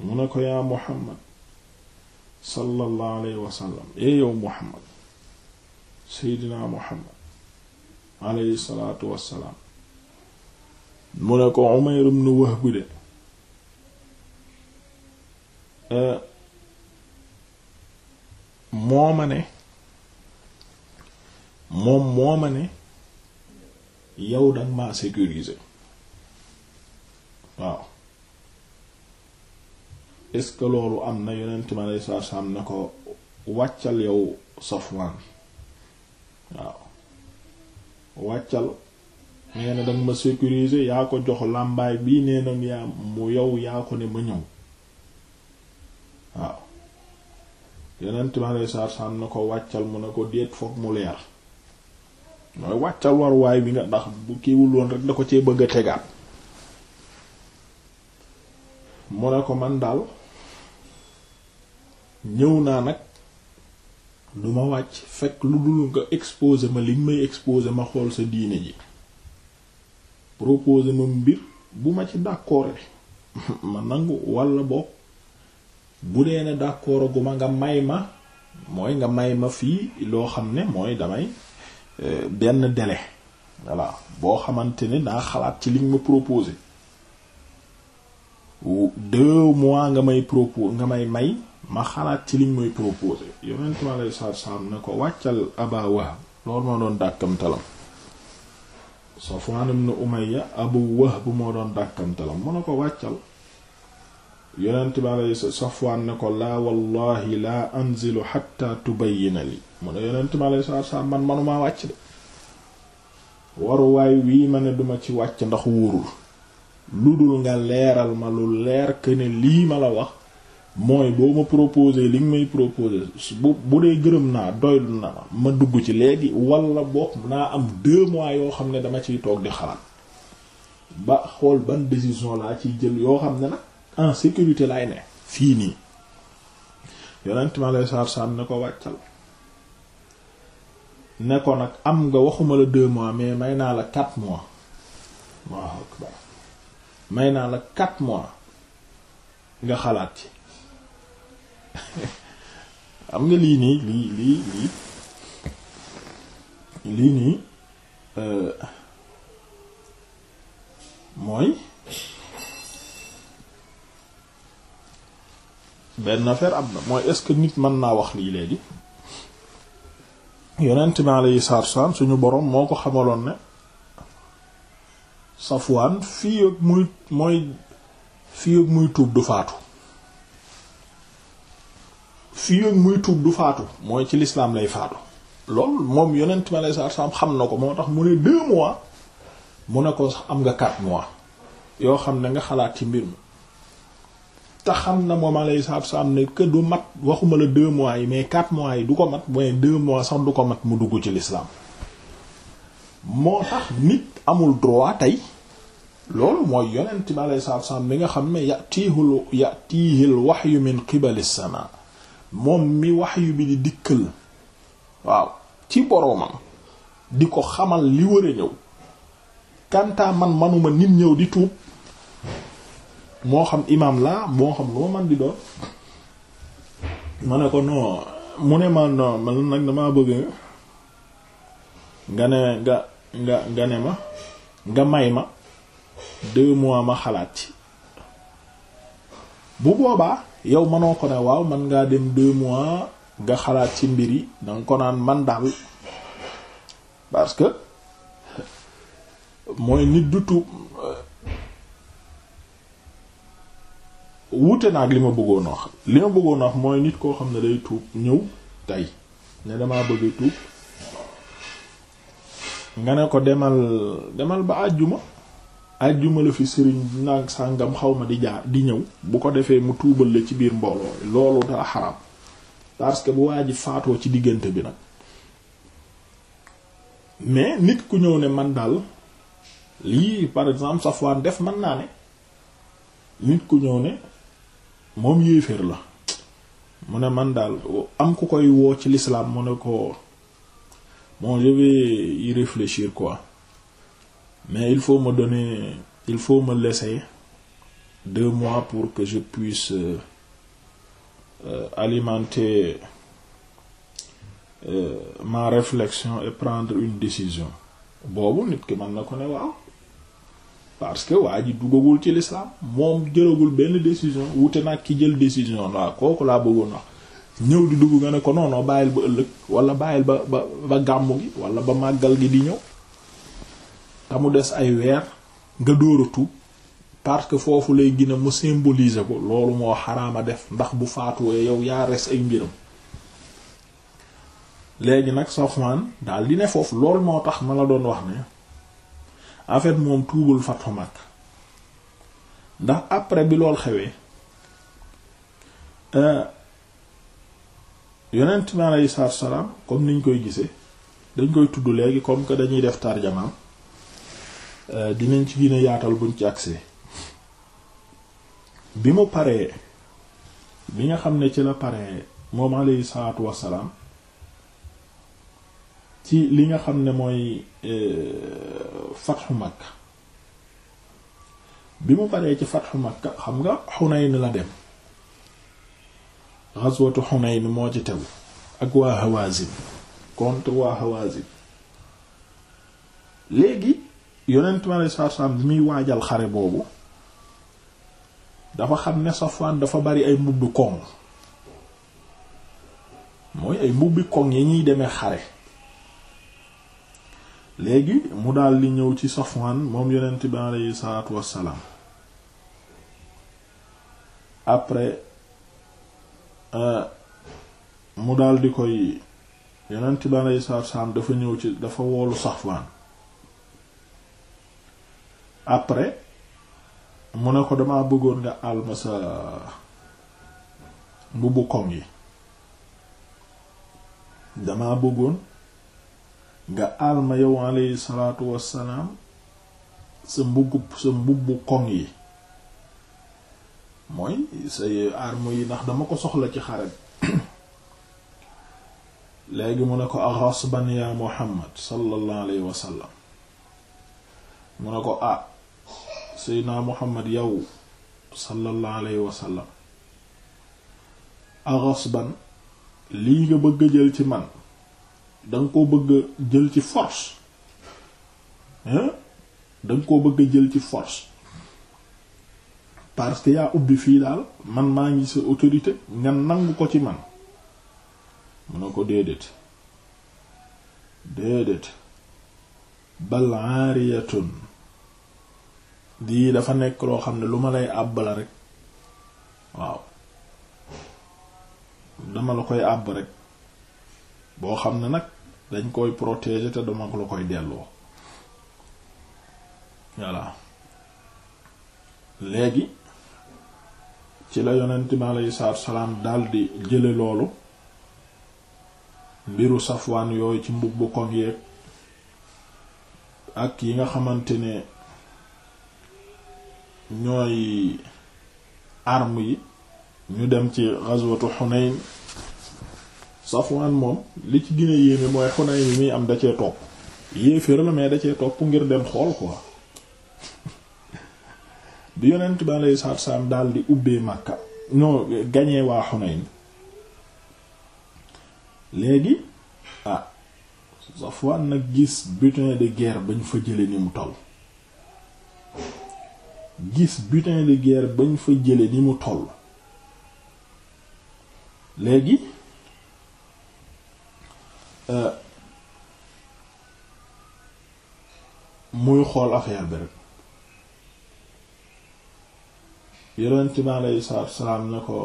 mu ne ko yaa Muhammad sallallahu alayhi wa sallam ee eh yow Muhammad seydinaa Muhammad alayhi salaatu wassalaam mu ne ko Umayr ibn Wahb de eh, moo ma ne moom moo ma ne yow danga maa sécuriser waaw est-ce que loolu am na yonent ma lay saa saam ko wàccal yow Safwan waaw wàccal nee na danga ma sécuriser yaa ko jox làmbaay bii nee yaa mu yow yaa ko ne ma ñëw waaw yonent ma lay saa saam ko wàccal mu ne ko déet foog mu leer mooy wàccal waruwaay bi nga ndax bu kiiwul woon rek da ko cee bëgg a tegaat mu ne ko man daal ñëw naa nag du ma wàcc fekk lu dul nga exposer ma liñ may exposer ma xool sa diine ji proposer ma mbir bu ma ci d'accord ma nangu walla bokk bu dee ne d'accord gu ma nga may ma mooy nga may ma fii loo xam ne mooy damay benn délai voilà boo xamante ne daa xalaat ci liñ mu ma proposé mois nga may propos may may ma xalaat ci liñ muy proposé yonent mi alayhi salaatu salaam ne ko wàccal Aba Wahb loolu moo doon dàkkamtalam Safwaan ibn Umayya Abu Wahb moo doon dàkkamtalam mu ne ko wàccal yonent mi alayhi Safwaan ne ko laa wallahi laa anzilu hatta tubayyina li mu ne yonent mi alayhi salaatu salaam man manumaa wàcc de waruwaay wii ma ne duma ci wàcc ndax wóorul lu dul nga leeral ma lu leer que lii ma la wax mooy boo ma proposé li nga may proposé bu bu dee gërëm naa doylu na ma ma dugg ci léegi wala bokk naa am deux mois yoo xam ne dama ciy toog di xalaat ba xool ban décision laa ciy jël yoo xam ne nag en sécurité laay ne fii nii yonent mi alayhi salaatu salaam ne ko wàccal nekkoon ko nag am nga waxuma la deux mois mais may naa la quatre mois waaw naa la quatre mois nga xalaat ci am nga lii nii lii lii lii lii nii euh, mooy benn affaire am na mooy est-ce que nit man naa wax lii léegi yonent bi alayhi salaatu suñu borom moo ko xamaloon ne Safwaan fii ak muy mooy fii ak muy tuub du faatu fii ak muy tuub du faatu mooy ci lislaam lay faatu lool moom yonent bi alayhi salaatu xam na ko moo tax mu ne deux mois mu ne ko am nga quatre mois yoo xam ne nga xalaat ci mbir mi te xam na moom alayhi salaatu salaam ne que du mat waxuma la deux mois yi mais quatre mois yi du ko mat mooy mois sax du ko mat mu dugg ci l'islam moo tax nit amul droit tey loolu mooy yonent bi alayhi salaatu salaam mi nga xam ne yatiihul yatiihil wahyu min qibali sama moom mi wahyu bi di dikkal waaw ci boroomam di ko xamal li war a ñëw kantaa man manuma nit ñëw di tuub moo xam imam laa moo xam lu ma man di doon ma ne ko non mu ne ma non man nag damaa bëgg nga ne nga nga nga ne ma nga may ma deux mois ma xalaat ci bu boobaa yow mënoo ko ne waaw man ngaa dem deux mois nga xalaat ci mbir yi danga ko naan man daal parce que mooy nit du tuub wuute naag li ma bëggoo a li ma bëggoon a mooy nit koo xam ne day tuub ñëw tey ne damaa bëgg tuub nga ne ko demal demal ba àjjuma àjjuma la fi sëriñ naag sàngam xaw ma di jaar di ñëw bu ko defee mu tuubal la ci biir mbooloo loolu daa xaram parce que bu waa ji faatoo ci diggante bi nag mais nit ku ñëw ne man daal lii par exemple Safwaan def man naa ne nit ku ñëw ne moom yéeféer la mu ne man daal am ku koy woo ci l'islam mu ne ko bon je vais réfléchir quoi mais il faut ma donner il faut ma laisser deux mois pour que je puisse euh, euh, alimenter ma réflexion et prendre une décision boobu nit ki mën na ko ne waaw parce que waa ji duggagul ci l'islam moom jëlagul benn décision wute nag ki jël décision laa kooku laa bëggoon wax ñëw di dugg nga ne ko non bàyyil ba ëllëg wala bàyyil ba ba ba gàmmu gi wala ba màggal gi di ñëw te mu des ay weer nga dóoratu parce que foofu lay gën mu symboliser ko loolu moo xaraama def ndax bu faatoo yow yaa res ay mbiram léegi nag Safwan daal di ne foofu loolu moo tax ma la doon wax ne en fait moom tuubul fatxu Makka ndax après bi lool xewee euh, yonent mi aleyhi salaatu salaam comme niñ koy gisee dañ koy tudd léegi comme que dañuy def tarjamaam euh, dinañ ci gine yaatal buñ ci accès bi mu paree bi nga xam ne ci la pare moom aleyhi salaatu wassalaam ci li nga xam ne mooy euh, fatxu Makka bi mu paree ci fatxu Makka xam nga Xunayn la dem xaswatu Xunayn moo ci tegu ak waa Hawazin contre waa Hawazin léegi yonent mi alei satu salaam bi muy waajal xare boobu dafa xam ne Safwaan dafa bari ay mbubbi koŋ mooy ay mbubbi koŋ yi ñuy demee xare léegi mu daal di ñëw ci Safwan moom yonent bi aleyhi salaatu wassalaam après euh, mu daal di koy yonent bi aleyhi salaatu wassalaam dafa ñëw ci dafa woolu Safwan après mu ne ko dama bëggoon nga alma sa mbubbu koŋ yi dama bëggoon nga aal ma yow alayhi salaatu wassalaam sa mbubbu sa mbubbu koŋ yi mooy say armo yi ndax dama ko soxla ci xare bi léegi mu ne ko aghasban ya muhammad sallallahu alayhi wa sallam mu ne ko ah seydna muhammad yow sallallahu alayhi wa sallam lii nga bëgg jël ci man da ko bëgg jël ci force hein da nga koo bëgg jël ci force parce que yaa ubbi fii daal man maa ngi sa autorité nga nangu ko ci man mun na ko déedéet déedéet bal aariyatun dii dafa nekk loo xam ne lu ma lay àbb la rek waaw dama la koy àbb rek boo xam ne nag dañ koy protéger te dama la koy delloo voilà léegi ci la yonent bi aleyhi salaatu salaam daldi jële loolu mbiru safwaan yooyu ci mbubbu koŋ yeeg ak yi nga xamante ne ñooy arme yi ñu dem ci ghazwatu Hunayn Safwan moom li ci gën a yéeme mooy Hunayn bi muy am da cee topp yéeféer la mais da topp ngir dem xool quoi bi yonent bi alayhi salaatu salaam daal di ubbee Makka non gañee waa Hunayn léegi ah Safwan nag gis butin de guerre bañ fa jële ni mu toll gis butin de guerre bañ fa jële ni mu toll léegi Euh, muy xool affaire bi rek yonent bi aleyhi salaatu salaam ne ko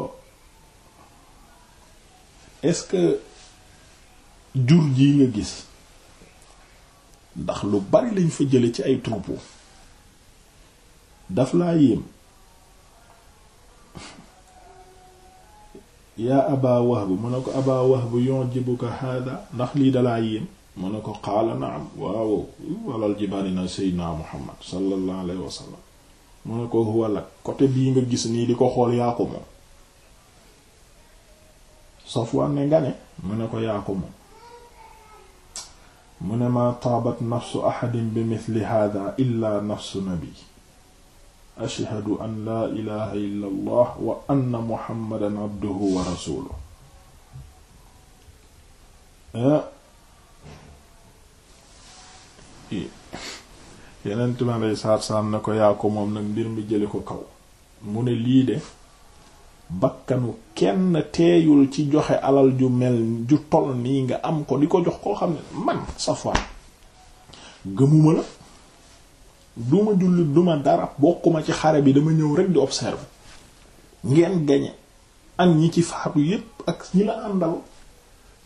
est-ce que jur ji nga gis ndax lu bari lañ fa jële ci ay troupeau daf laa yéem yaa aba wahb mu ne ko aba wahb yujibuka hada ndax lii dalaa yéem mu ne ko qaala naam waaw walal ji bari na seydina muhammad sallallahu alayhi mu ne ko huwa lak côté bii nga gis nii di ko xool yaa ko moom Safwan ne nga ne mu ne ko yaa ko moom mu ne ma taabat nafsu ahadin bi mithli hada illa nafsu nabi ashhadu an laa ilaha illa allah wa anna muhammadan abduhu wa rasuluhu yeneen ma lay saar-saam ne ko yaa ko moom nag mbir mi jële ko kaw mu ne lii de bakkanu kenn teeyul ci joxe alal ju mel ju toll nii nga am ko di ko jox koo xam ne man safwaan gëmuma la duma jullit duma dara bokkuma ci xare bi dama ñëw rek di observer ngeen gañe ak ñi ci faatu yépp ak ñi la àndal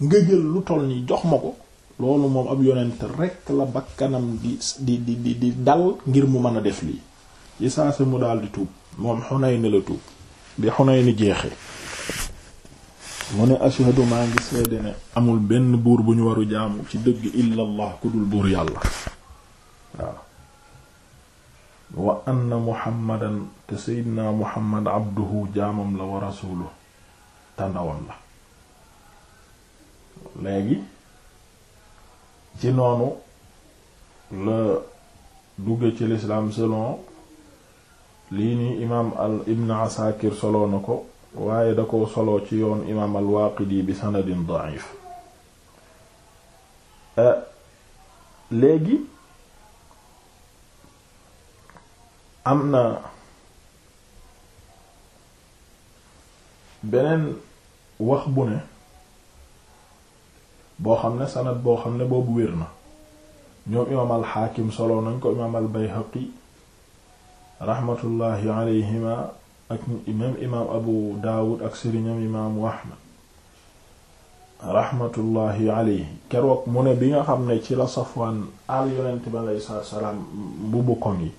nga jël lu toll nii jox ma ko loolu moom ab yonent rekk la bakkanam di di di dal ngir mu mën a def lii ci saa si mu daal di tuub moom Hunayn la tuub bi Hunayn jeexee mu ne ashhadu maa ngi seede ne amul benn buur bu ñu waru jàmm ci dëgg illa Allah ku dul buur yàlla waaw wa anna muhammadan te seydinaa muhammad abduhu jaamam la wa rasuluhu te ndawam la léegi ci noonu la dugge ci lislaam selon lii nii imaam al ibn asakir solo na ko waaye da ko solo ci yoon imaam al waaqidi bi sanadin da'if eh, léegi am na beneen wax bu ne boo xam ne sanad boo xam ne boobu wér na ñoom imaam alxaakim solo nañ ko imaam albayhaqi raxmatullaahi alayhima ak même imaam abu daawud ak sëriñam imaamu ahmad raxmatullaahi alayhi keroog mu ne bi nga xam ne ci la safwaan al yonent bi salaam mbubu koŋ yi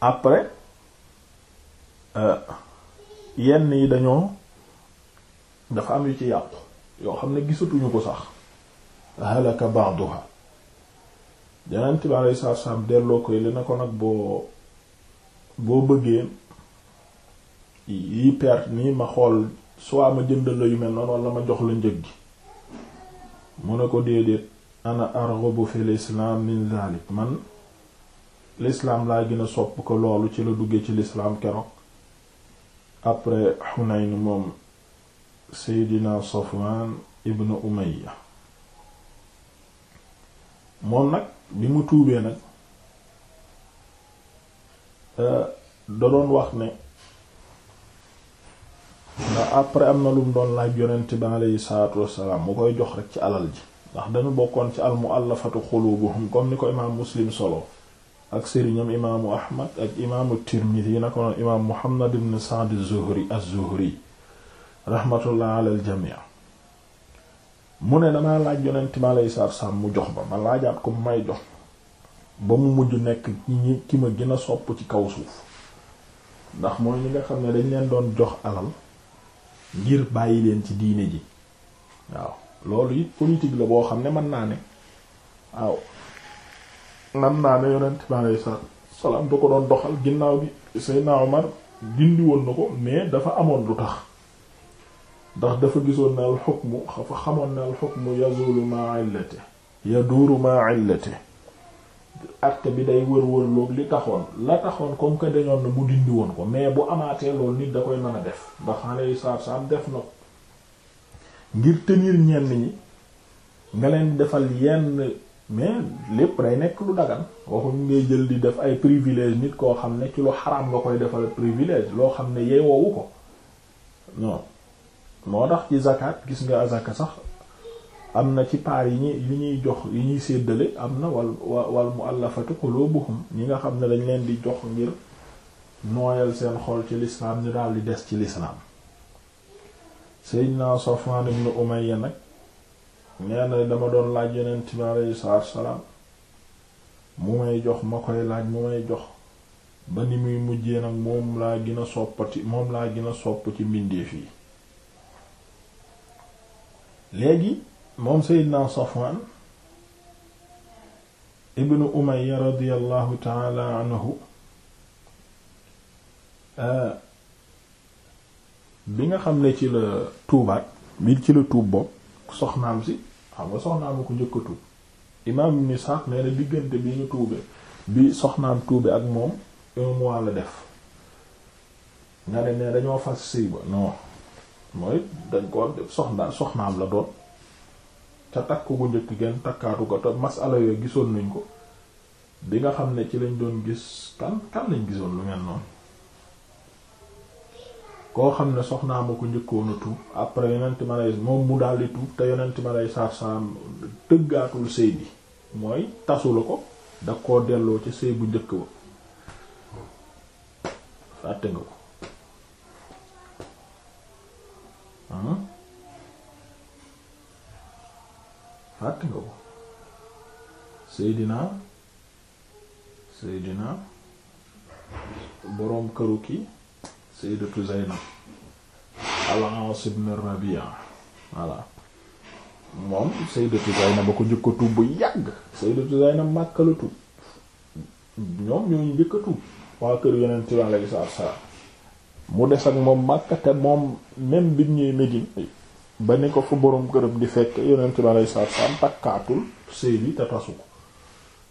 après euh, yenn yi dañoo dafa am yu ci yàqu yoo xam ne gisatuñu ko sax halaka ba'daha yonent bi alayhi salaatu delloo koy li na ko nag boo boo bëggee yi perte nii ma xool soit ma jëndal yu mel noonu wala ma jox la njëg gi mu ne ko déedéet ana arghabu fil islam min zalik man lislaam laa gën a sopp ko loolu ci la dugge ci l'islam keroog après Hunayn moom Seydina Safwan ibn Umayya moom nag bi mu tuubee nag euh, da wax ne ndax après am na lum doon laaj yonent bi aleyhi salaatu wassalaam mu koy jox rek ci alal ji ndax dañu bokkoon ci al mu'allafatu xulubuhum comme ni ko imaam Muslim solo ak sëriñam imaamu ahmad ak imaamu tirmidi na ko noon imaam muhammad ibn sa'd az-zuhri az-zuhri rahmatullah ala al-jami' mu ne damaa laaj yonent ma lay saar mu jox ba ma laajaat ko mu may jox ba mu mujj nekk ki ma gën a sopp ci kaw suuf ndax mooy ñi nga xam ne dañ leen doon jox alal ngir bàyyi leen ci diine ji waaw loolu it politique la boo xam ne mën naa ne waaw xam naa ne yonent bi alayhi salaam da ko doon doxal ginnaaw bi Seydina Omar dindi woon na ko mais dafa amoon lu tax ndax dafa gisoon ne al dafa xamoon ne al xukmu yazulu ma illati yaduuru ma illati acte bi day wër-wër loog li taxoon la taxoon comme que dañoon na mu dindi woon ko mais bu amaatee loolu nit da koy mën a def ndax sa salaam def na ko ngir tenir ñenn ñi nga leen defal yenn. mais lépp day nekk lu dagan waxuñ ngay jël di def ay privilège nit koo xam ne ci lu xaraam nga koy defal privilège loo xam ne wowu ko non moo tax ci zakat gis nga azaka sax am na ci paar yi ñuy ñuy jox yi ñuy séddale am na wal wal mu'allafati qulubuhum ñi nga xam ne dañ leen di jox ngir nooyal seen xool ci lislaam ñu daal di des ci lislaam Sayyidina Safwan ibn Umayya nag nee dama doon laaj yonent bi aleyhi salaatu salaam mu may jox ma koy laaj mu may jox ba ni muy mujjee nag moom laa gin a soppati moom laa gën a sopp ci mbindeef yi léegi moom Seydina Safwan ibnu Umayya radiyallahu taala anhu euh, bi nga xam ne ci la tuubaat bi ci la tuub bopp soxnaam si xam nga soxnaam ko njëkk a tuub imaam Ibn Ishaq nee diggante bi ñu tuube bi soxnaam tuube ak moom un mois la def nga ne ne dañoo fas sëy ba mooy dañ ko def soxna soxnaam la doon ca takk gu njëkk genn takkaatu ko te masala yooyu gisoon nañ ko bi nga xam ne ci lañ doon gis kan kan lañ gisoon lu ngeen noonu koo xam ne soxnaa ma ko njëkkoon a tuub après yonent ma lay moom mu daldi tuub te yonent ma lay saar saam tëggaatul sëy bi mooy tasula ko da koo delloo ci sëy bu njëkk ba fàtte nga ko fàtte nga ko Seydina Seydina këru ki sayyidatu Zaynab al-Aas moom sayyidatu Zaynab ba ko njëkk tuub bu yàgg sayyidatu Zaynab Makka la tuub ñoom ñooñu njëkk a tuub waa kër yeneen ci wàllu saabsaab mu des ak moom Makka te moom même bi ñuy Médine ba ni ko fa borom këram di fekk yeneen ci wàllu saabsaab takkaatul sëy bi te tasu ko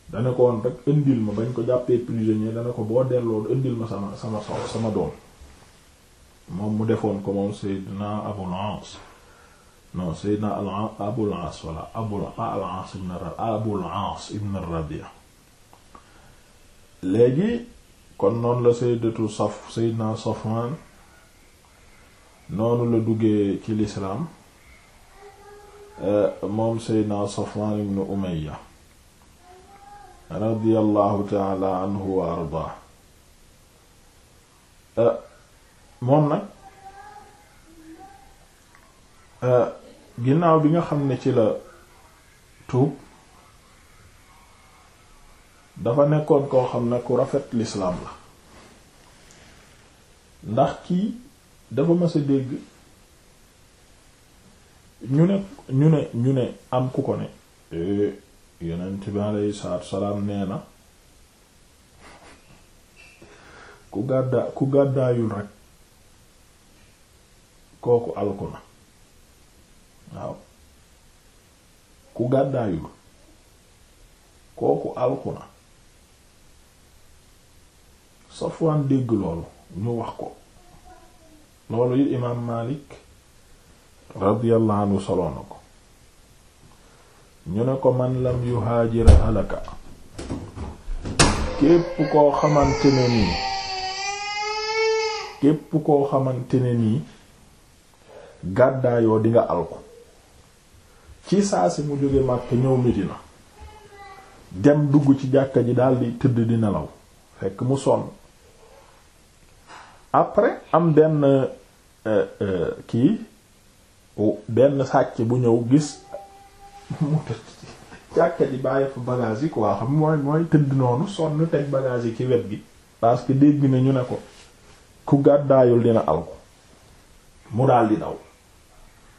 dana ko woon rek indil ma bañ ko jàppee prisonnier dana ko boo delloo indil ma sama sama sama doom. moom mu defoon ko moom Seydina Abul Aas non Seydina Abul Aas walla Abul Aas ibn Abul Aas ibn Rabi' léegi kon noonu la Sayyidatu Saf Seydina Safwan noonu la duggee ci lislaam euh, moom Seydina Safwan ibn Umayya radiyallahu ta'ala anhu wa ardaa euh, moom nag euh, ginnaaw bi nga xam ne ci la tuub dafa nekkoon koo xam ne ku rafet lislaam la ndax kii dafa mës a dégg ñu ne ñu ne ñu ne am ku ko ne eh, yonent bi alayhi salaatu salaam nee na ku gàddaa ku gàddaayul rek kooku alku na waaw ku gàddaayul kooku alku na Safwan dégg loolu ñu wax ko loolu yi imaam Malik radiyallahu anhu ko ñu ne ko man lam yuhaajira alaka képp koo xamante nii képp koo xamante nii gàddaayoo di nga alku ci saa si mu jóge Makka ñëw Medina dem dugg ci jàkka ji daldi tëdd di nelaw fekk mu sonn après am benn euh, euh, kii benn sàcc bu ñëw gis jàkka ji bàyyi fa bagage yi quoi xam mooy mooy tëdd noonu sonn teg bagage yi ci wet gi parce que dégg na ñu ne ko ku gàddaayul dina alku mu daldi daw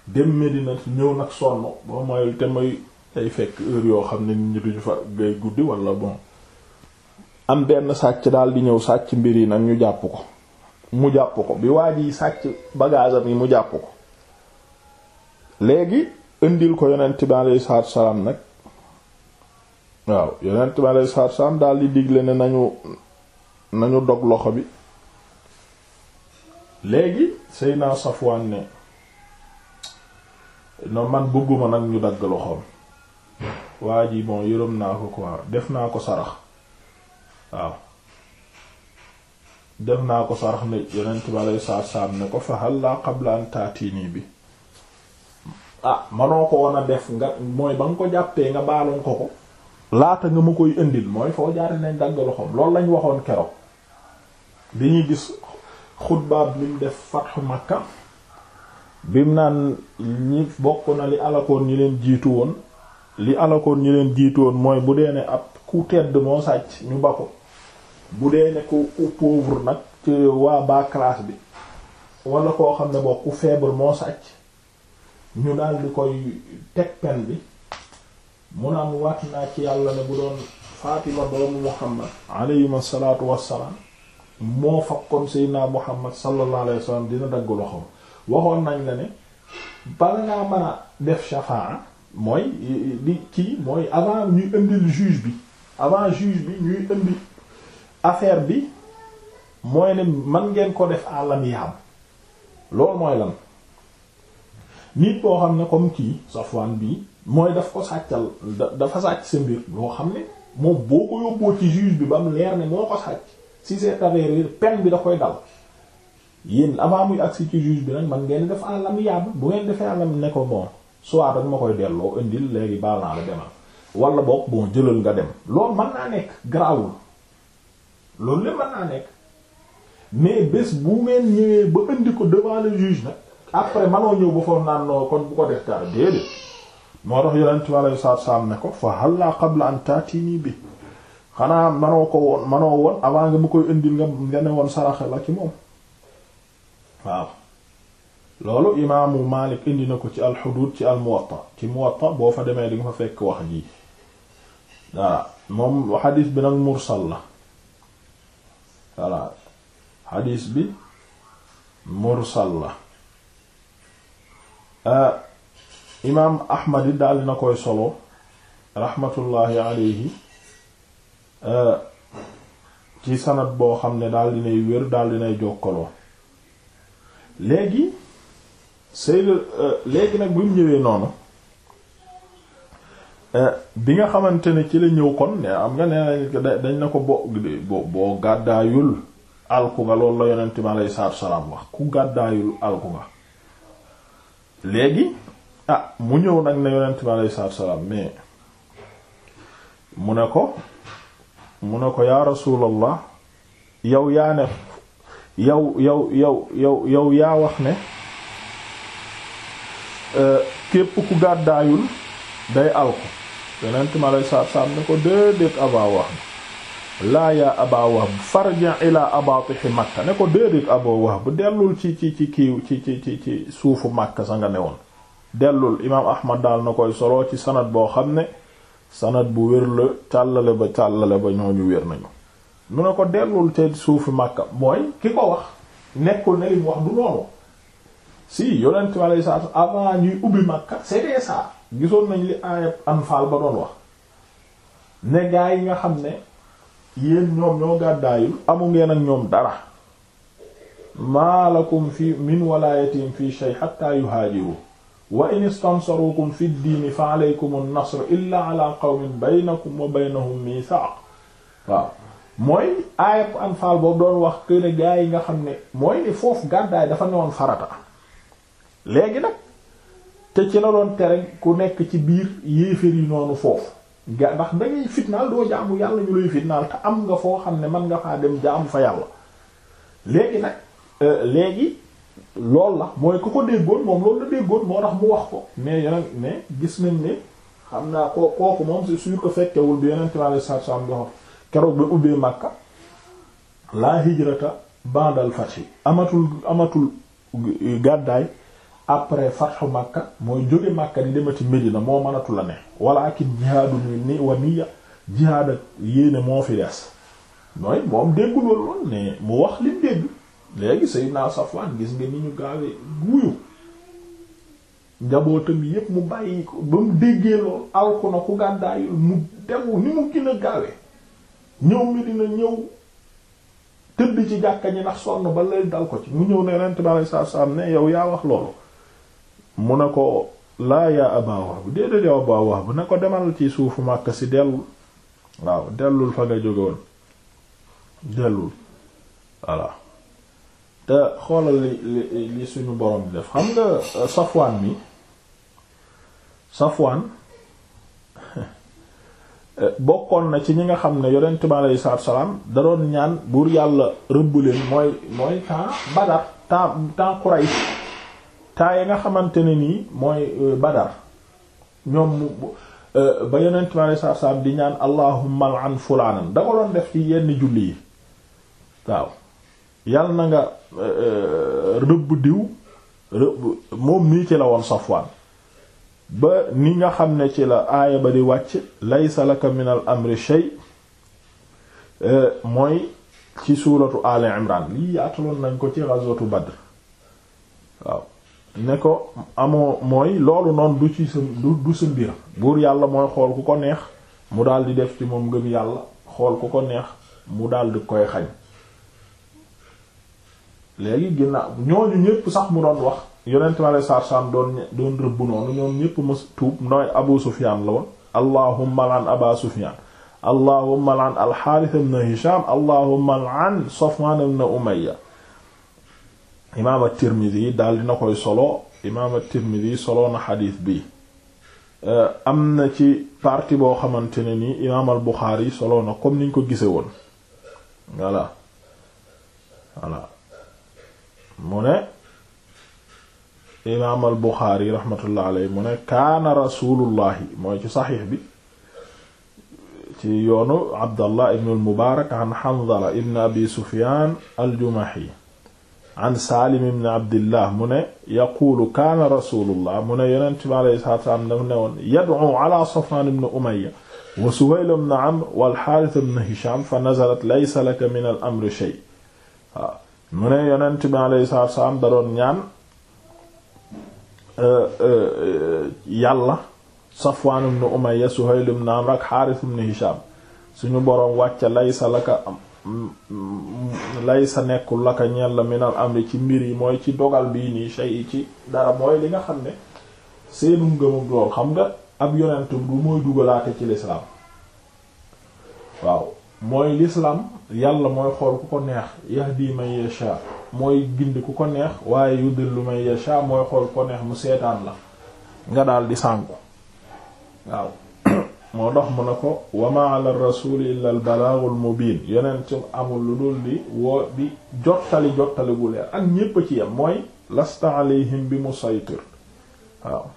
dem Medina ñëw nag sonn boo mayul te may ay fekk heure yoo xam ne nit ñi fa gay guddi wala bon am benn sàcc daal di ñëw sàcc mbir yi nag ñu jàpp ko mu jàpp ko bi waa yi sàcc bagaasam yi mu jàpp ko léegi indil ko yonent bi alayhi salaam nag waaw yonent bi alayhi salaam daal di digle ne nañu nañu dog loxo bi léegi Seydina Safwan ne no man bëgguma nag ñu dagg loxoom waa ji bon yërëm naa ko quoi def naa ko sarax waaw def naa ko sarax ne yonent bi aleyhi salaatu ne ko fa halla qabla an taatini bi ah manoo ko woon a def nga mooy ba nga ko jàppee nga baaloon ko ko laata nga ma koy indil mooy foo jaari nañ dagg loxoom loolu lañ waxoon keroog bi ñuy gis xutbaab bi def fatxu Makka bim naan ñi bokk na li alakoon ñi leen jiitu woon li alakoon ñi leen jiitu woon mooy bu dee ne ab ku tedd moo sàcc ñu ba ko bu dee ne ku ku pauvre nag ci waa baa classe bi wala koo xam ne bokk ku faible moo sàcc ñu daal di koy teg pen bi mu naan waat naa ci yàlla ne bu doon Fatima doomu Muhammad alayhima salaatu wassalaam moo fakkoon Seydina Muhammad sallallahu alayhi dina dagg loxoom waxoon nañ la ne bala ngaa mën a def shafaa mooy di kii mooy avant ñuy indil juge bi avant juge bi ñuy indi affaire bi mooy ne man ngeen ko def à l'amiable loolu mooy lan nit boo xam ne comme kii Safwan bii mooy daf ko sàccal dafa sàcc sa mbir loo xam ne moo boo ko yóbboo ci juge bi ba mu leer ne moo ko sàcc si c'est avéré peine bi da koy dal yéen avant muy agsi ci juge bi nag man ngeen def àlam yàbb bu ngeen defee àlam ne ko bon soit dañ ma koy delloo indil léegi baal naa la demal wala boog bon jëlal nga dem loolu mën naa nekk garaawul loolu le mën naa nekk mais bés bu ngeen ñëwee ba indi ko devant le juge nag après manoo ñëw ba foog naan no kon bu ko def tar déedéet moo tax yonent bi alei saatu ne ko fa halla qabla an bi xanaa manoo ko woon manoo woon avant nga mu koy indil nga nga ne la ci moom waaw loolu imaamu Maalik indi na ko ci alxuduud ci almuwatta ci muwatta boo fa demee di nga fa fekk wax ji voilà moom xadis bi nag mursal la voilà xadis bi mursal la euh, imaam Ahmad it daal na koy solo raxmatullaahi alayhi euh, ci sanad boo xam ne daal dinay wér daal dinay jokkaloo léegi sëy euh, léegi nag bi ñëwee noonu euh, bi nga xamante ne ci la ñëw kon ne am nga nee dañ na ko bo bo boo gàddaayul alku nga loolu la yonent mi aleyhi salaatu salaam wax ku gàddaayul alku nga léegi ah mu ñëw nag ne yonent mi aleyhi salaatu salaam mais mu ne ko mu ne ko yaa rasuulallah yow yaa ne yow yow yow yow yow yaa wax ne euh, képp ku gàddaayul day alko yonent mi alay salaatu salaam ne ko déedéet aba wax na laa yaa aba wax bu farja ila abatixi makka ne ko déedéet aba wax bu dellul ci ci ci kiiw ci ci ci ci suufu makka sa nga newoon dellul imaam ahmad daal na koy solo ci sanad boo xam ne sanad bu wér la càllale ba càllale ba ñu wér nañu mu ne ko dellul te suufu Makka mooy ki ko wax nekkul ne lim wax du noonu si yonent bi alayhi ñuy ubbi Makka c'était ça gisoon nañ li aayab Anfaal ba doon wax ne gaa yi nga xam ne yéen ñoom ñoo gàddaayul amu ngeen ak ñoom dara maalakum fi min walaayatihim fi shay hatta yuhaajiru wa in istansarukum fi diini fa alaykum an-nasr illa ala qawmin baynakum wa baynahum miisaaq mooy aayab anfaal boobu doon wax que ne gaa yi nga xam ne mooy ne foofu gàddaay dafa newoon farata léegi nag te ci la doon tere ku nekk ci biir yéeféer yi noonu foofu ga ndax dangay fitnaal doo jaamu yàlla ñu lay fitnaal te am nga foo xam ne mën nga faa dem jaamu fa yàlla léegi nag euh, léegi loolu la mooy ku ko déggoon moom loolu la déggoon moo tax mu wax ko mais yeneen mais gis nañ ne xam naa koo kooku moom su sûr que fekkewul bi yeneen time ale saab saab nga keroog ba ubbee Makka laa hijrata bandal fathi amatul amatul gàddaay après fathu Makka mooy jóge Makka di demati Medina moo mënatul la ne walaakin jihaadu ni wa niyya jihaad ak yéene moo fi des mooy moom déggul woon lool ne mu wax lim dégg léegi Seydina Safwan gis nga ni ñu gaawee guyu njabootam yépp mu bàyyi ko ba mu déggee lool alku na ku gàddaayul mu demu ni mu gën a ñëw Medina ñëw tëdd ci jàkka ñi ndax sonn ba leen dal ko ci mu ñëw ne yonent bi alayhi salaam ne yow yaa wax loolu mu ne ko laa yaa Abaa Wahb déedéet yow Abaa Wahb ne ko demal ci suufu màkk si dellu waaw dellul fa nga jóge woon dellul voilà te xoolal li li suñu borom def xam nga Safwaan mi Safwaan bokkoon na ci ñi nga xam ne yonent bi aleyhi salaatu salaam da doon ñaan buur yàlla rëbb leen mooy mooy temps Badar temps temps Quraysh temps yi nga xamante ne nii mooy euh, Badar ñoom euh, ba yonent bi aleyhi salaatu salaam di ñaan allahumma al'an fulaanan da ko doon def ci yenn julli yi waaw yal na nga euh, rëbb diw rëbb moom nii ci la woon Safwaan ba ni nga xam ne ci la aaya ba di wàcc laysa laka min al amri e, mooy ci suuratu al imran lii yaataloon nañ ko ci ghazwatu badr waaw ne ko amoo mooy loolu noonu du ci sa du sa buur yàlla mooy xool ku ko neex mu daal di def ci moom ngëm yàlla xool ku ko neex mu daal di koy xañ léegi ginnaaw ñooñu ñépp sax mu doon wax yonent mi alei satu salaam doon doon rëbb noonu ñoom ñépp mas tuub nooy abu sufyan la woon allahumma lan aba sufyan allahumma lan alxaaris ibn hisham allahumma lan safwan ibn umayya imaam at-tirmidhi daal dina koy solo imaam at-tirmidhi solo na xadiis bi eh, am na ci partie boo xamante ne ni imaam al-buxaari solo na comme niñ ko gise woon voilà voilà mu ne imaam al Buxaari rahmatullah alayhi mu ne kaana rasulullahi mooy ci saxiix bi ci yoonu Abdallah ibn al Mubaarak an Hanzala ibn Abi Sufyaan al Jumahi an Saalim ibn Abdillah mu ne yaquulu kaana rasulullah mu ne yonent bi alayhi salaatu wa salaam daf ne woon yad'u ala Safwaan ibn Umayya wa Suhayl ibn Amr wal Haarith ibn Hishaam fa nazalat laysa laka min al amri shay waaw mu ne yonent bi alayhi salaatu wa salaam da doon ñaan Euh, euh, euh, yàlla Safwan ibn Umayya Suhayl ibn Amr ak Harith ibn Hisham suñu boroom wàcca laysa laka laysa nekkul laka ñel la minal amri ci mbir yi mooy ci dogal bii nii shay ci dara mooy li nga xam ne seenu ngëmam lool xam nga ab yonentum du mooy dugalaate ci lislaam waaw mooy lislaam yàlla mooy xool ku ko neex yahdi man yasha mooy gindi ku ko neex waaye yudillu man yasha mooy xool ko neex mu seetaan la nga daal di sànku waaw moo dox mu ne ko wa ma ala rasuli illa al balaghul mubin yeneen ci amul lu dul di woo di jottali jottali bu leer ak ñépp a ci yem mooy lasta alayhim bi musaytir waaw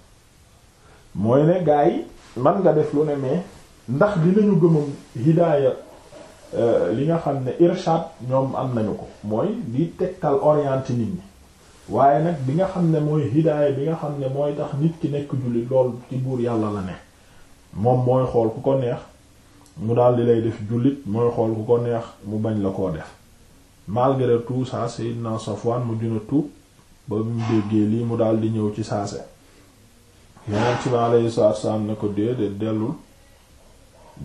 mooy ne gaa yi man nga def lu ne mais ndax dinañu gëmam hidaaya Euh, li nga xam ne irshad ñoom am nañu ko mooy di tegtal orienté nit ñi waaye nag bi nga xam ne mooy hidaaya bi nga xam ne mooy tax nit ki nekk julli lool ci buur yàlla la ne moom mooy xool ku ko neex mu daal di lay def jullit mooy xool ku ko neex mu bañ la koo def malgré tout ça Seydina Safwan mu dina tuub ba mu déggee lii mu daal di ñëw ci saase yonent bi alayhi salaatu wa salaam ko déedéet dellul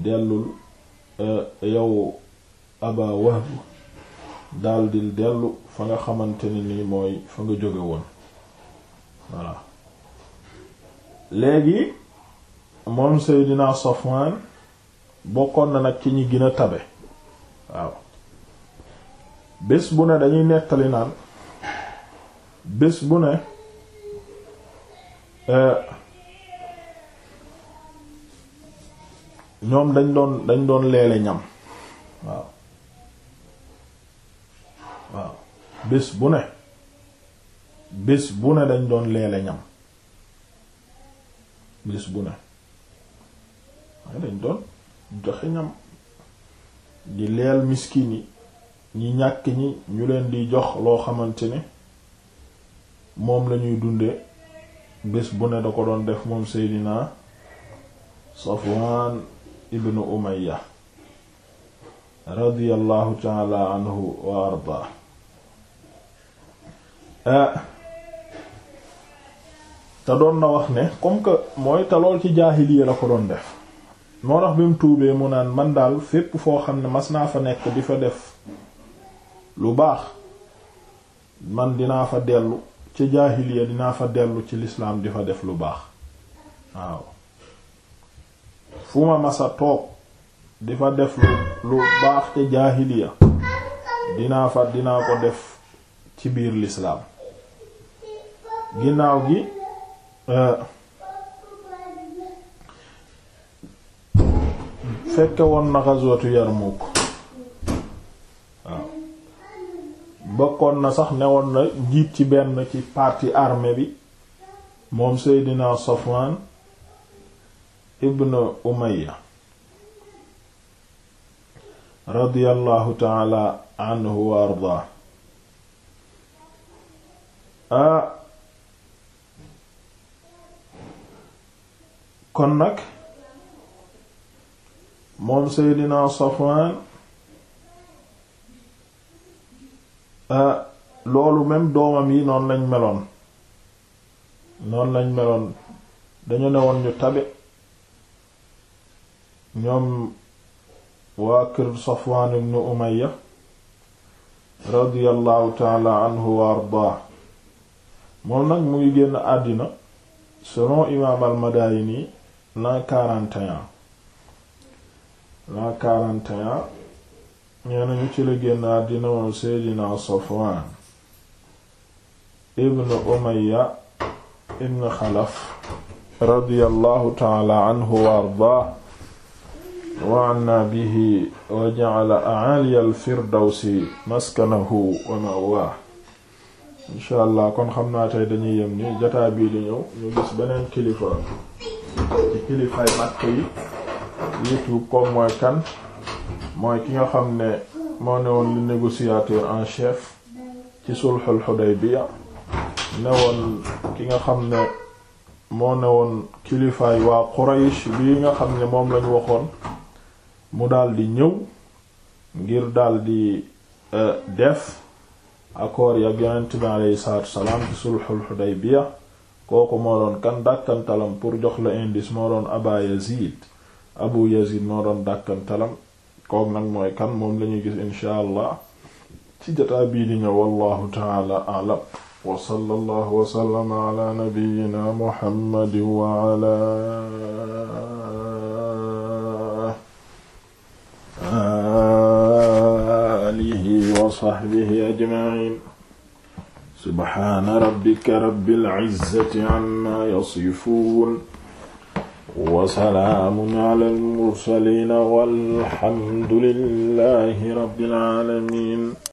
dellul Eh, yow Aba Wahb daldi dellu fa nga xamante ne nii mooy fa nga jóge woon voilà léegi moom Seydina Safwan bokkoon na nag ci ñi gën tabe waaw bés bu ne dañuy nettali naan bés bu ne. Eh, ñoom dañ doon dañ doon leele ñam waaw bés bu ne bés bu ne dañ doon leele ñam bés bu ne waaye dañ doon joxe ñam di leel miskin yi ñi ñàkk ñi ñu leen di jox loo xamante ne moom lañuy dunde bés bu ne da ko doon def moom Seydina Safwan ibnu umayya radiyallahu taala anhu wa ardaa eh, te doon na wax ne comme que mooy te lool ci jaahiliya la ko doon def moo tax bi mu tuubee mu naan man daal fépp foo xam ne mas naa fa nekk di fa def lu baax man dinaa fa dellu ci jaahiliya dinaa fa dellu ci lislaam di fa def lu baax waaw fu ma masa toog di fa def lu lu baax ca jaahiliya dinaa fa dinaa ko def ci biir lislaam ginnaaw gi euh, fekke woon na ghazwatu Yarmouk waaw bokkoon na sax newoon na njiit ci benn ci parti armée bi moom Seydina Safwan ibn Umayya radiyallahu taala anhu wa ardaa a kon nag moom Seydina Safwan a loolu même doomam yi noon lañ meloon noon lañ meloon dañu newoon ñu tabe ñoom waa kër Safwaan ibn Umayya radiyallahu taala anhu wa ardaa moom nag mu ngi génn àddina selon imaam al-Madaayini l'an 41 l'an 41 ñee nañu ci la génn àddina moom Seydina Safwaan ibn Umayya ibn Xalaf radiyallahu taala anhu wa ardaa wa naa bihi wa ja'ala a'ali si firdawsi maskanahu wa ma'waahu insha allah kon xam naa tey dañuy yem ni jataa bii di ñëw ñu gis beneen kilifa ci kilifaay màkk yi yitu comme mooy kan mooy ki nga xam ne moo ne woon en chef ci sulhul nga xam ne moo ne woon kilifaay waa Quraysh bii nga xam ne moom lañu waxoon mu daldi ñëw ngir daldi e, def accord yak yonent bi aleyhi salaatu ci sulxul xudaybiya kooku moo doon kan dàkkantalam pour jox la indice moo doon aba yazid abu yazid moo doon dàkkantalam kooku nag mooy kan moom lañuy gis insha allah ci jataa bii wallahu taala alam wa sallallahu wa sallama ala nabiyyina muhammadin wa alihi wa sahbihi ajma'in subhana yasifun wa salaamun ala al alamin